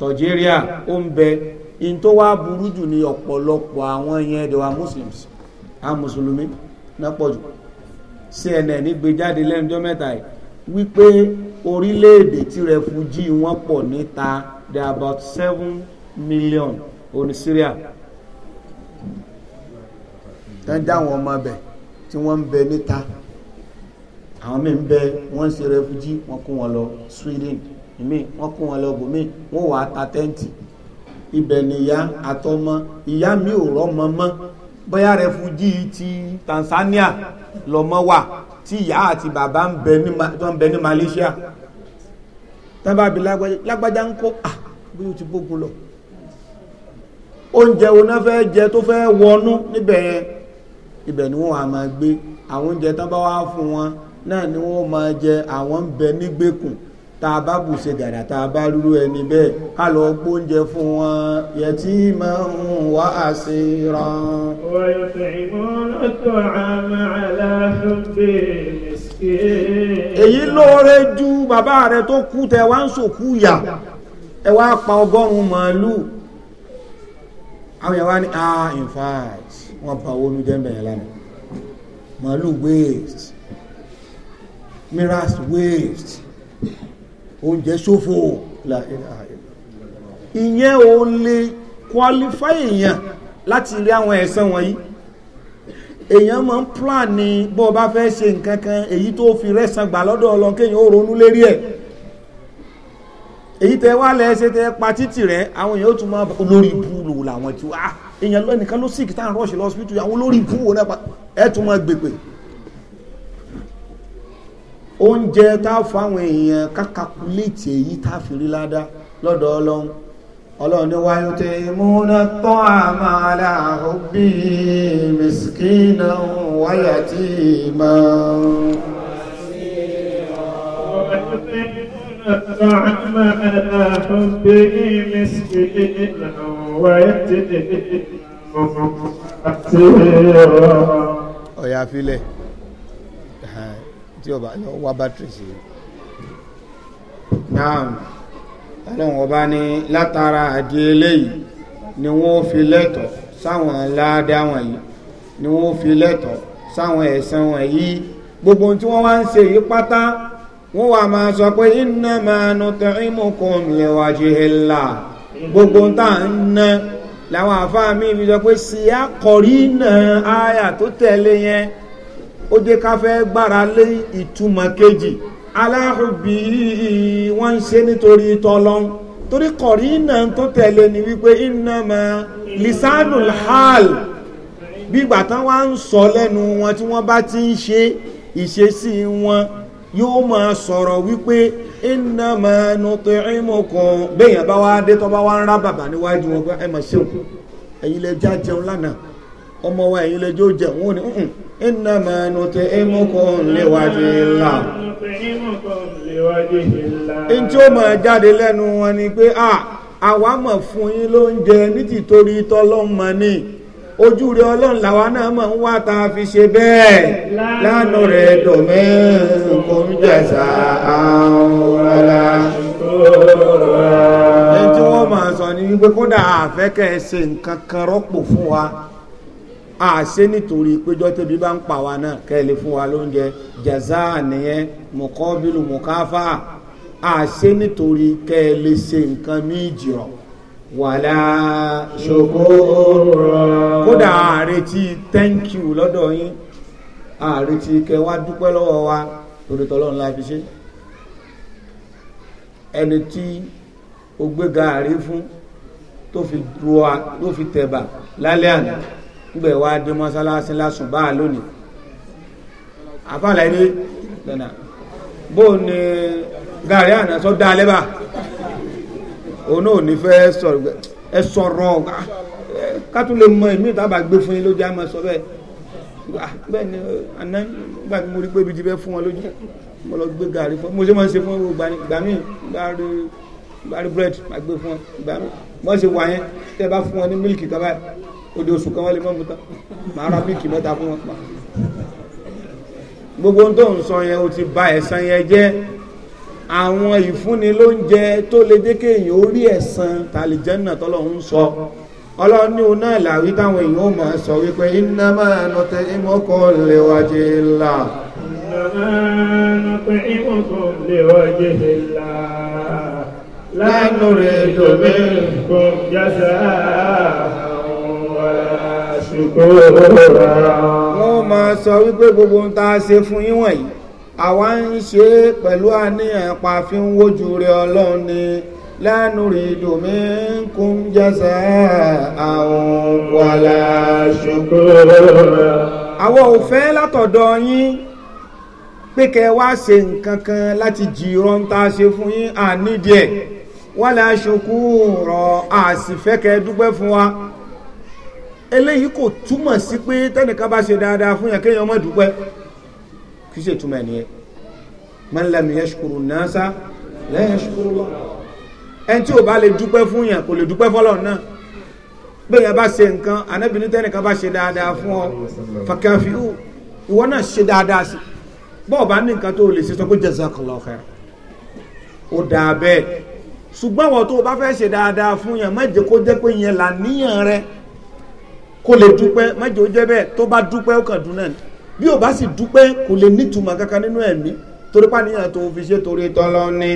Tọ̀jíríà ó ń bẹ́ẹ̀ in tó wá burú jù ní ọ̀pọ̀lọpọ̀ àwọn yẹn they were muslims a mùsùlùmí nápọ̀jù CNN gbé jáde lẹ́nujọ́ mẹ́ta yìí wípé orílẹ̀-èdè tí refugee wọ́n pọ̀ níta they are about seven million on Syria tán dáwọn ọmọ bẹ̀ tí wọ́n ń bẹ níta àwọn míì ń bẹ wọ́n ń ṣe rẹfújí wọ́n kó wọn lọ Sweden ìmíì wọ́n kó wọn lọ bòmíì wọ́n wà á ta tẹ́ǹtì ibẹ̀ nìyá àtọmọ ìyá mi ò rọ́mọ mọ́ bóyá rẹfújí ti Tanzania lọ́mọ wà tí ìyá àti bàbá ń bẹ ní Malaysia tábà bí lágbájá ń kó à ah, bí o ti gbógun lọ oúnjẹ wo náà fẹ́ jẹ tó fẹ́ wọnú níbẹ̀ yẹn ibẹ̀ ni wọ́n á máa gbé àwọn oúnjẹ tán bá wá fún wọn náà ni wọ́n máa jẹ àwọn ń bẹ nígbèkùn tá a bá bù ṣe gàdà tá a bá rúrú ẹni bẹ́ẹ̀ ká lọ gbó oúnjẹ fún wọn yẹtí máa ń wá àṣírán. èyí lóore ju bàbá rẹ tó kú tẹ wá ń sòkú yà ẹ wá pa ọgọ́rùn màálù àwọn yẹn wá ní ah in fact wọ́n ba owó nu jẹ́ńbẹ̀ yẹn lánàá màálù waste miras waste oúnjẹ ṣòfò ìyẹn ò lè qualify èèyàn láti rí àwọn ẹ̀san wọ̀nyí èèyàn máa ń plan ni bó o bá fẹ́ ṣe nǹkan kan èyí tó fi rẹ́san gbà lọ́dọ̀ ọlọ́run ó ronú lérí ẹ̀ èyí tẹ wá lẹ ṣe tẹ pa títì rẹ àwọn èèyàn ó tún máa olórí ibú lò làwọn tí wá èèyàn ẹnìkan ló sìkì táwọn rọ́ọ̀ṣì lọ́sibítù àwọn olórí ibú wo náà ẹ tún máa gbègbè. oúnjẹ tá a fọ àwọn èèyàn ká kakuléètì èyí tá a fi rí ládá lọ́dọ̀ ọlọ́run ọlọ́run ní wáyé tẹ múná tọ́ àmà aláhùn bíi mẹsìkínà wáyà tí ì máa. طعم على حبه مسكينا ويتيما ọ̀yà àfilẹ̀ tí ọba lọ wá bátìrì sí náà ọlọ́run ọba ní látara àdí eléyìí ni wọ́n fi lẹ́tọ̀ sáwọn ládá wọ̀nyí ni wọ́n fi lẹ́tọ̀ sáwọn ẹ̀san wọ̀nyí gbogbo tí wọ́n wá ń ṣe yìí pátá wọ́n wà máa sọ pé iná máa nu tẹ̀rímùkùn lẹ́wàjì hìlà gbogbo tá à ń ná làwọn àfáà mi fi sọ pé síyá kọ̀rí náà àyà tó tẹ̀lé yẹn ó dé ká fẹ́ gbára lé ìtumọ̀ kejì aláhùbí wọ́n ń ṣe nítorí tọ́lọ́n torí kọ̀rí náà tó tẹ̀lé ni wípé iná máa lisanul hal bí ìgbà wá ń sọ lẹ́nu wọn tí wọ́n bá ti ń ṣe ìṣesí wọn yóò máa sọ̀rọ̀ wípé iná máa nu tó ìmọ̀ kan bẹ́yìn bá wá dé tó bá wá ń rá bàbá níwájú wọn pé ẹ mà ṣeun ẹ̀yin lè já jẹun lánàá ọmọ wa ẹ̀yin lè jó jẹun wọn ni iná máa nu tó ìmọ̀ kan léwájú ńlá. ntí ó máa jáde lẹ́nu wọn ni pé ah, àwa mọ̀ fún yín lóúnjẹ ní tìtorí tọ́lọ́mọ ni. Ah, ojú rẹ ọlọ́run làwa náà máa ń wá tá a fi ṣe bẹ́ẹ̀ lánà rẹ dọ̀mẹ́ kò jẹ̀sà àwọn ọ̀la. ẹni tí wọ́n máa sọ ni wípé kódà àfẹ́kẹ́ ṣe nǹkan kan rọ́pò fún wa a ṣe nítorí péjọ tẹbi bá ń pa wa náà kẹ́ ẹ lè fún wa lóúnjẹ jẹ̀sà nìyẹn mọ̀kọ́ mọ̀káfà a ṣe nítorí kẹ́ ẹ lè ṣe nǹkan míì jìrọ̀ wàlá ṣòkòrò kódà àrètí thank you lọ́dọ̀ yín àrètí kẹwà dúpẹ́ lọ́wọ́ wa torí tọ́lọ́run la fi ṣe ẹni tí ó gbé gàárì fún tó fi rọa ló fi tẹ̀bà lálẹ́ àná nígbà wá dé mọ́sálásí lásùn báà lónìí àfàlẹ́ ní bó ni gàárì àná sọ dá lẹ́bàá òun náà ò ní fẹ́ sọ̀rọ̀ ẹ sọ̀rọ̀ ah, ká tún lè mọ ìmí ìtàbà gbé fún yín lójú àmọ́ sọ bẹ́ẹ̀ ah, bẹ́ẹ̀ ni àná nígbà tí mo rí pé ibi ti fẹ́ fún wọn lójú mo lọ gbé gàrí fún mo ṣe máa ń ṣe fún wọn gbà mí gbà rí búrẹ́dì máa gbé fún wọn gbà mí wọ́n ṣe wà yẹn tẹ́ bá fún wọn ní mílìkì kan báyìí òde oṣù kan wọ́n lè mọ́ mu tán màá ra mílìkì mẹ́ta fún wọn. gbogbo ohun tó ń sọ yẹn o ti bà ẹ̀san yẹn jẹ́ àwọn ìfúnni ló ń jẹ tó lè dé kéèyàn orí ẹ̀san tàlìjẹ́nà tọ́lọ́hún sọ ọlọ́run ní òun náà làwí táwọn èèyàn ó máa sọ wípé iná máa nọ tẹ ìmọ̀kọ lè wájú ńlá. iná máa nọ tẹ ìmọ̀kọ lè wájú ńlá. wọ́n máa sọ wípé gbogbo ń ta ṣe fún yín wọ̀nyí àwa ń ṣe é pẹ̀lú àníyàn pa fi ń wójú rẹ ọlọ́run ni lánàá rí domi ń kún jẹ́sà àwọn wàlà ṣùkúrò. àwọn ò látọ̀dọ̀ yín pé kẹ́ wá ṣe nǹkan kan láti jìrọ̀ ń ta ṣe fún yín ànídìí ẹ̀ wàlà ṣùkúrò àsìfẹ́kẹ́ dúpẹ́ fún wa eléyìí kò túmọ̀ sí pé tẹ́nìkan bá ṣe dáadáa fún yàn kéèyàn má dúpẹ́ kì í ṣe man lam yashkuru nasa la yashkuru Allah ẹni tí ò bá lè le fún yàn kò lè dúpẹ́ fọlọ́run ba bẹ́ẹ̀ bá ṣe nǹkan anábìnrin tẹ́nìkan bá ṣe dáadáa fún ọ fàkàfi ìwọ náà ṣe dáadáa sí bọ́ọ̀ bá ní nǹkan tó lè ṣe sọ pé jazakallahu khair ó dáa bẹ́ẹ̀ ṣùgbọ́n wọ́n tó o bá fẹ́ ṣe dáadáa fún yàn má jẹ́ kó jẹ́ pé yẹn là níyàn rẹ kó lè dúpẹ́ má jẹ́ ó jẹ́ bẹ́ẹ̀ tó bá dúpẹ́ ó kàn dún bí o bá sì dúpẹ́ kò lè nítumọ̀ kankan nínú ẹ̀mí torí pàníyàn tó fi ṣe torí tọ́lọ́ ni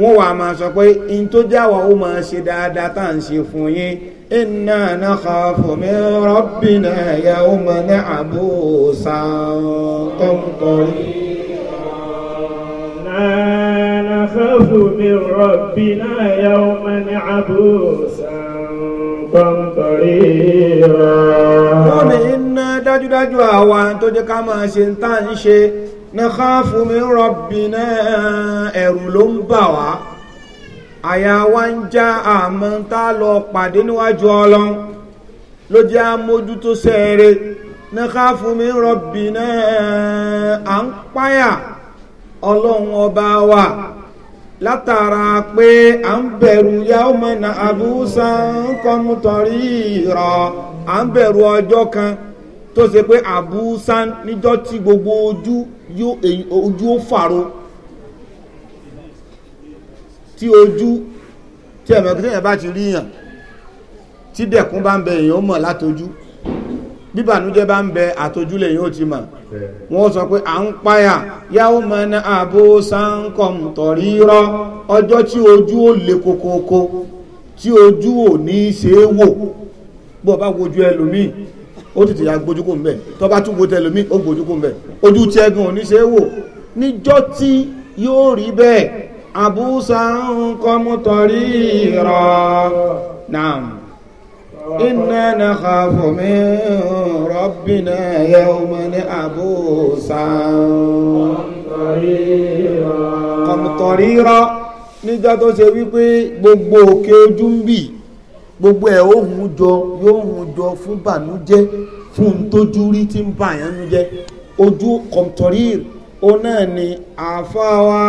wọ́n wà máa sọ pé in tó jáwà ó máa ṣe dáadáa tá à ń ṣe fún yín inna nakhafu min rabbina yawman abusan qamtari. inna nakhafu min rabbina yawman abusan dájúdájú àwa tó jẹ́ ká máa ṣe ń tá ń ṣe nakhafu min rabbina ẹ̀rù ló ń bà wá àyà wa ń já àmọ́ tá a lọ pàdé níwájú ọlọ́run ló jẹ́ amójútó sẹ́ẹ̀rẹ́ nakhafu min rabbina à ń páyà ọlọ́run ọba wa látara pé à ń bẹ̀rù yawman abusan qamtarira à ń bẹ̀rù ọjọ́ kan tó ṣe pé àbúsán níjọ́ tí gbogbo ojú ojú ó fàro tí ojú tí ẹ̀mọ̀ kí tẹ̀yìn bá ti rí yàn tí dẹ̀kún bá ń bẹ èèyàn mọ̀ látojú bíbànújẹ́ bá ń bẹ àtojú lẹ́yìn ó ti mọ̀ wọ́n sọ pé à ń páyà yáwó mọ̀ ní àbó sáńkọ̀m tọ̀rí rọ́ ọjọ́ tí ojú ó le kokoko tí ojú ò ní ṣe é wò bó bá wojú ẹlòmíì ó tètè ya gbójú kò tó bá tún wo tẹlomi ó gbójú kò ojú tí ẹgùn ò wò níjọ́ tí yóò rí bẹ́ẹ̀ àbúsà ń kọ́ mú tọrí rọ naam inna nakhafu min rabbina yawman àbúsà kọ́mùtọ̀rí rọ níjọ́ tó ṣe wípé gbogbo òkè ojú ń bì gbogbo ẹ̀ ó hun jọ yóò hun jọ fún bànújẹ́ fún tójú rí tí ń bà yẹn nu jẹ́ ojú kọ̀mtọ̀rí ó náà ni àáfàá wa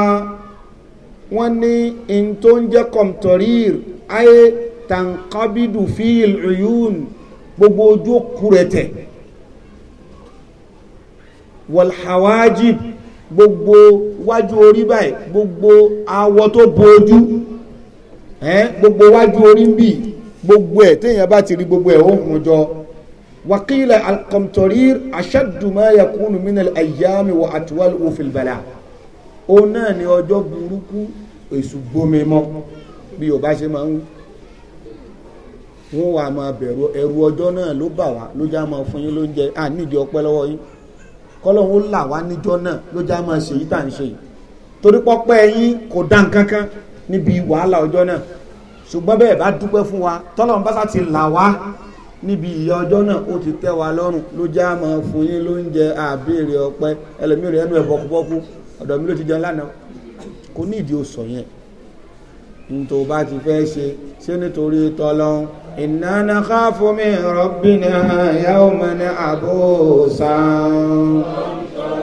wọ́n ní in tó ń jẹ́ kọ̀mtọ̀rí ayé tàǹkábídù fíìl uyún gbogbo ojú kúrẹ̀tẹ̀ wàlhàwájib gbogbo wájú orí báyìí gbogbo awọ tó bo ojú gbogbo wájú orí ń bì gbogbo ẹ̀ téèyàn bá ti rí gbogbo ẹ̀ ó hun jọ wakila alqamtarir aṣaduma yakunu minal ayami wa atuwal ofilbala ó náà ni ọjọ́ burúkú èṣù gbomi mọ́ bí yorùbá ṣe máa ń wọ́n wà máa bẹ̀rù ẹrù ọjọ́ náà ló bà wá ló já máa fún yín ló ń jẹ à nídìí ọpẹ́ lọ́wọ́ yín kọ́lọ́hún là wá níjọ́ náà ló já máa ṣèyí tà ń ṣe torí pọ́pẹ́ yín kò dá nǹkan kan níbi wàhálà ọjọ́ náà ṣùgbọ́n bẹ́ẹ̀ bá dúpẹ́ fún wa tọ́lọ́run bá sá ti là wá níbi ìyà ọjọ́ náà ó ti tẹ́ wa lọ́rùn ló já máa fún yín lóúnjẹ àbèrè ọpẹ ẹlòmíì rẹ ẹnu ẹ bọkúbọkú ọ̀dọ̀ mi ló ti jẹun lánàá kò ní ìdí òsọ yẹn ntò bá ti fẹ́ ṣe ṣé nítorí tọ́lọ́run inna nakhafu min rabbina yawman abusan.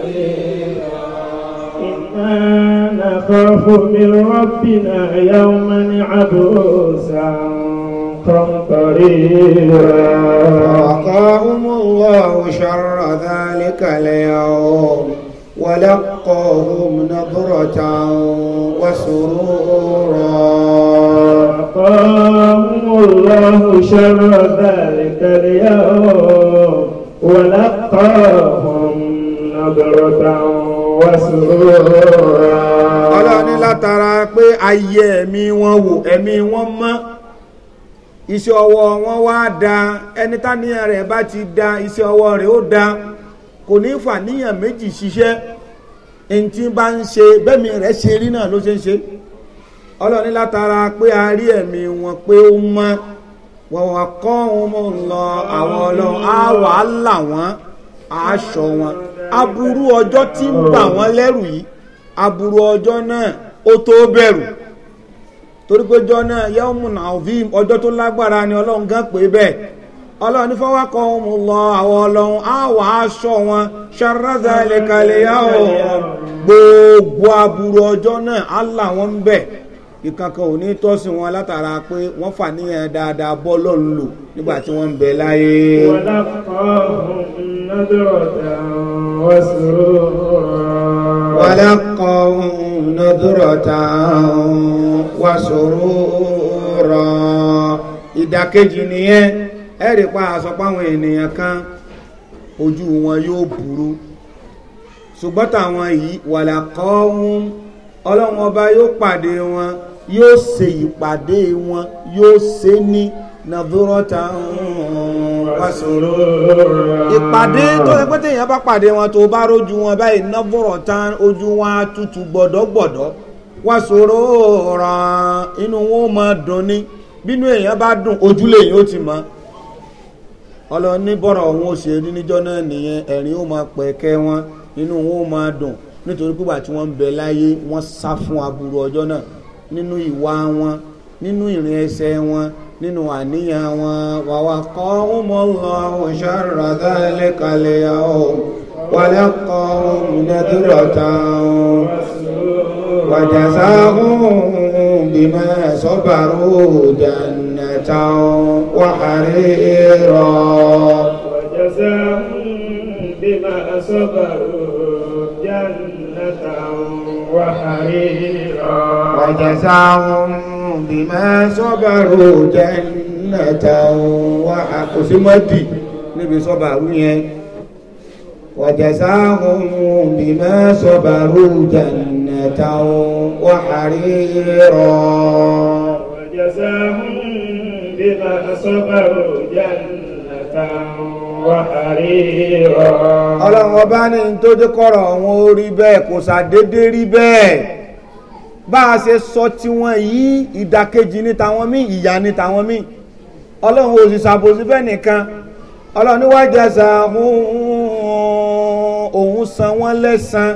inna نخاف من ربنا يوما عبوسا قمطريرا وقاهم الله شر ذلك اليوم ولقاهم نظرة وسرورا وقاهم الله شر ذلك اليوم ولقاهم نظرة وسرورا ọlọ́run ní látara pé ayé ẹ̀mí wọn wò ẹ̀mí wọn mọ́ iṣẹ́ ọwọ́ wọn wá da ẹni táníyàn rẹ̀ bá ti da iṣẹ́ ọwọ́ rẹ̀ ó da kò ní fàníyàn méjì ṣiṣẹ́ ntí bá ń ṣe bẹ́mi rẹ̀ ṣe rí náà ló ṣe ń ṣe ọlọ́run ní látara pé a rí ẹ̀mí wọn pé ó mọ́ wọ́n wá kọ́ ohun mọ́ ń lọ àwọn ọlọ́run á wàá là wọ́n aṣọ wọn aburú ọjọ́ tí ń bà wọ́n lẹ́rù yìí aburu ọjọ́ náà ó tó bẹ̀rù torí pé ọjọ́ náà yawmun azim ọjọ́ tó lágbára ni ọlọ́run gan pé bẹ́ẹ̀ ọlọ́run fọwọ́ kọ ohun lọ àwọn ọlọ́run sọ wọn ṣàrọ́dà lẹ́kàlẹ́ gbogbo aburu ọjọ́ náà á là ń bẹ̀ ìkankan ò ní tọ́sí wọn látara pé wọ́n fà níyàn dáadáa bọ́ lọ́run lò nígbà tí wọ́n ń تلقوه نظرة وسرورا ìdàkejì nìyẹn ẹ̀rí pa àsọpọ̀ àwọn ènìyàn kan ojú wọn yóò burú ṣùgbọ́n táwọn yìí wàlàkọ́ ń ọlọ́run ọba yóò pàdé wọn yóò ṣe nàdúrọ̀tàn wàsúrò. ìpàdé tó ṣe pé téèyàn bá pàdé wọn tó bá rójú wọn báyìí nàdúrọ̀tàn ojú wọn á tutù gbọ̀dọ̀gbọ̀dọ̀ wàsúrò ràn inú wọn ó máa dùn ni bínú èèyàn bá dùn ojúlé yìí ó ti mọ ọlọ́ni bọ̀rọ̀ wọn ò ṣe rí níjọ́ náà nìyẹn ẹ̀rín ó máa pẹ̀kẹ́ wọn inú wọn ó máa dùn nítorí pípa tí wọ́n ń bẹ láyé wọ́n sá fún aburú ọjọ́ náà nínú ìwà wọn nínú ìrìn ẹsẹ̀ wọn nínú àníyàn wọn wa waqahumullahu sharra dhalikal yawm wa laqahum nadratan wa jazahum bima sabaru jannatan wa harira. wa jazahum bima sabaru jannatan wa harira. wa jazahum bima sabaru jannatan wa kò sí mọ́dì níbi sọ́bàrú yẹn wa jazahum bima sabaru jannatan wa harira. wa jazahum bima sabaru jannatan wa harira. ọlọ́run ọba ní tó dé kọ́rọ̀ wọn ó rí bẹ́ẹ̀ kò sàdédé rí bẹ́ẹ̀ bá a ṣe sọ tiwọn yìí ìdàkejì ní tàwọn míì ìyà ní tàwọn míì ọlọ́run ò sì ṣàbòsí fẹ́ nìkan ọlọ́run níwájà sàhún òun san wọ́n lẹ́san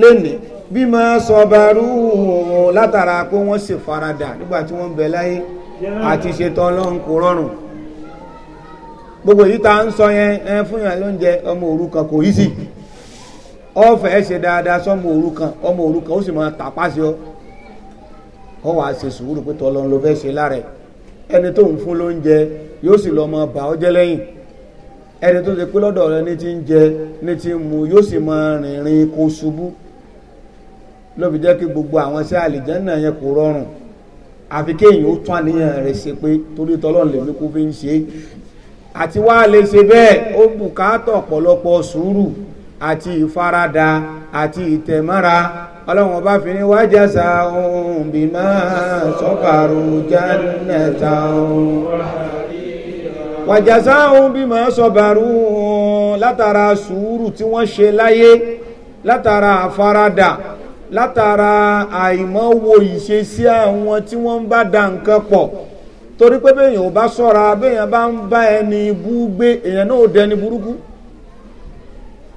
lénìí bí máa sọ bàrú látara pé wọ́n sì faradà nígbà tí wọ́n bẹ̀ láyé àti ṣètò ọlọ́run kò rọrùn gbogbo yìí tá ń sọ yẹn fún yàn lóúnjẹ ọmọ òrukàn kò yí sí i ọ̀fẹ́ ṣe dáadáa sọ́mọ òrukàn ọmọ òrukàn ó sì máa tàpá sí ọ ọ wàá ṣe sùúrù pé tọ́lọ́n ló fẹ́ ṣe lára ẹ̀ ẹni tó ń fún ló ń jẹ yóò sì lọ́ọ́ máa bà ọ́ jẹ́ lẹ́yìn ẹni tó ṣe pé lọ́dọ̀ rẹ ní ti ń jẹ ní ti ń mu yóò sì máa rìnrìn kó ṣubú lóbi jẹ́ kí gbogbo àwọn iṣẹ́ àlìjànnà yẹn kò rọrùn àfi kéèyàn ó tún àníyàn rẹ̀ ṣe pé torí tọ́lọ́n lèmi kó fi ń ṣe àti wá lè ṣe bẹ́ẹ̀ ó bùkátà ọ̀pọ̀lọpọ̀ sùúrù àti ìfaradà àti ìtẹ̀mọ́ra ọlọ́run ọba fi ní wájà sa ohun bímọ sọ́kàrù jánẹ̀ta ohun wájà sa ohun bímọ sọ́bàrù ohun látara sùúrù tí wọ́n ṣe láyé látara àfaradà látara àìmọ́wò ìṣesí àwọn tí wọ́n ń bá da nǹkan pọ̀ torí pé bẹ́ẹ̀ yẹn ò bá sọ́ra bẹ́ẹ̀ yẹn bá ń bá ẹni bú gbé èèyàn náà ò dẹni burúkú.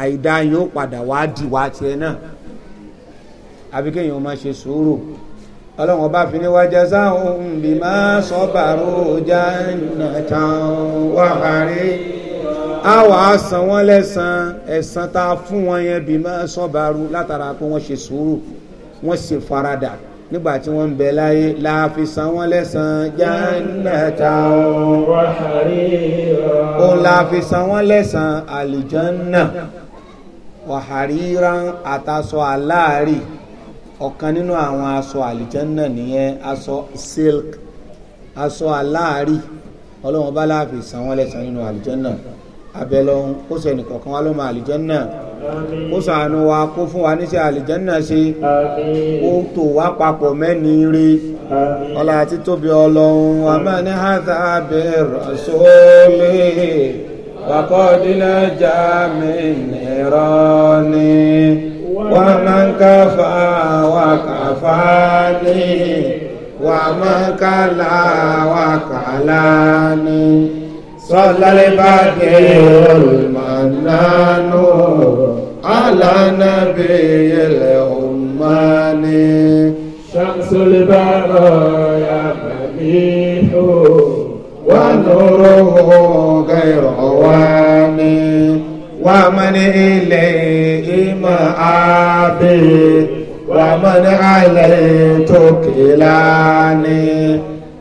àìdá yóò padà wá di wá tiẹ̀ náà àbí kéèyàn máa ṣe sùúrù ọlọ́run ọba fi ní wájà sáhùn bímá sọ́bàrò jannatan wa harir a wà á san wọ́n lẹ́san ẹ̀san tá a fún wọn yẹn bímá sọ́bàrò látara pé wọ́n ṣe sùúrù wọ́n ṣe faradà nígbà tí wọ́n ń bẹ láyé la san wọ́n lẹ́san jannatan wa harir òun la san wọ́n lẹ́san àlìjánná wàhàríran àtàsọ aláàrí ọ̀kan nínú àwọn aṣọ àlìjẹ́nà nìyẹn aṣọ silk aṣọ aláàrí ọlọ́run bá láàfin san wọ́n lẹ́san nínú àlìjẹ́nà abẹ́lọ́hún ó sọ ẹnìkọ̀ọ̀kan wá ló mọ àlìjẹ́nà ó ṣàánú wa kó fún wa níṣẹ́ àlìjẹ́nà ṣe ó tò wá papọ̀ mẹ́ni rí ọlá títóbi ọlọ́run àmọ́ ní hàtà bẹ̀rẹ̀ sólè. فقد نجا من نيراني ومن كفى وكفاني ومن كلا وكلاني صلى البديع المنان على نبي الأمان شمس البرايا مليح ونوره غير عوامي ومن إليه مآبي ومن عليه تكلاني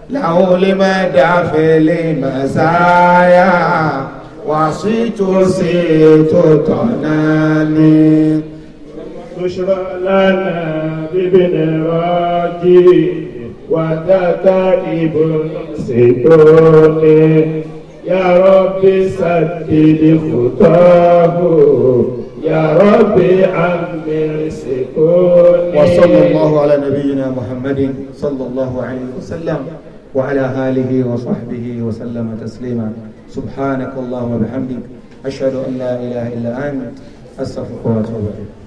له لمدى في المزايا وصيت سيت طناني بشرى لنا بابن راجي وتتائب صدوني يا رب سدد خطاه يا رب عمر سكوني وصلى الله على نبينا محمد صلى الله عليه وسلم وعلى آله وصحبه وسلم تسليما سبحانك اللهم وبحمدك أشهد أن لا إله إلا أنت أستغفرك وأتوب إليك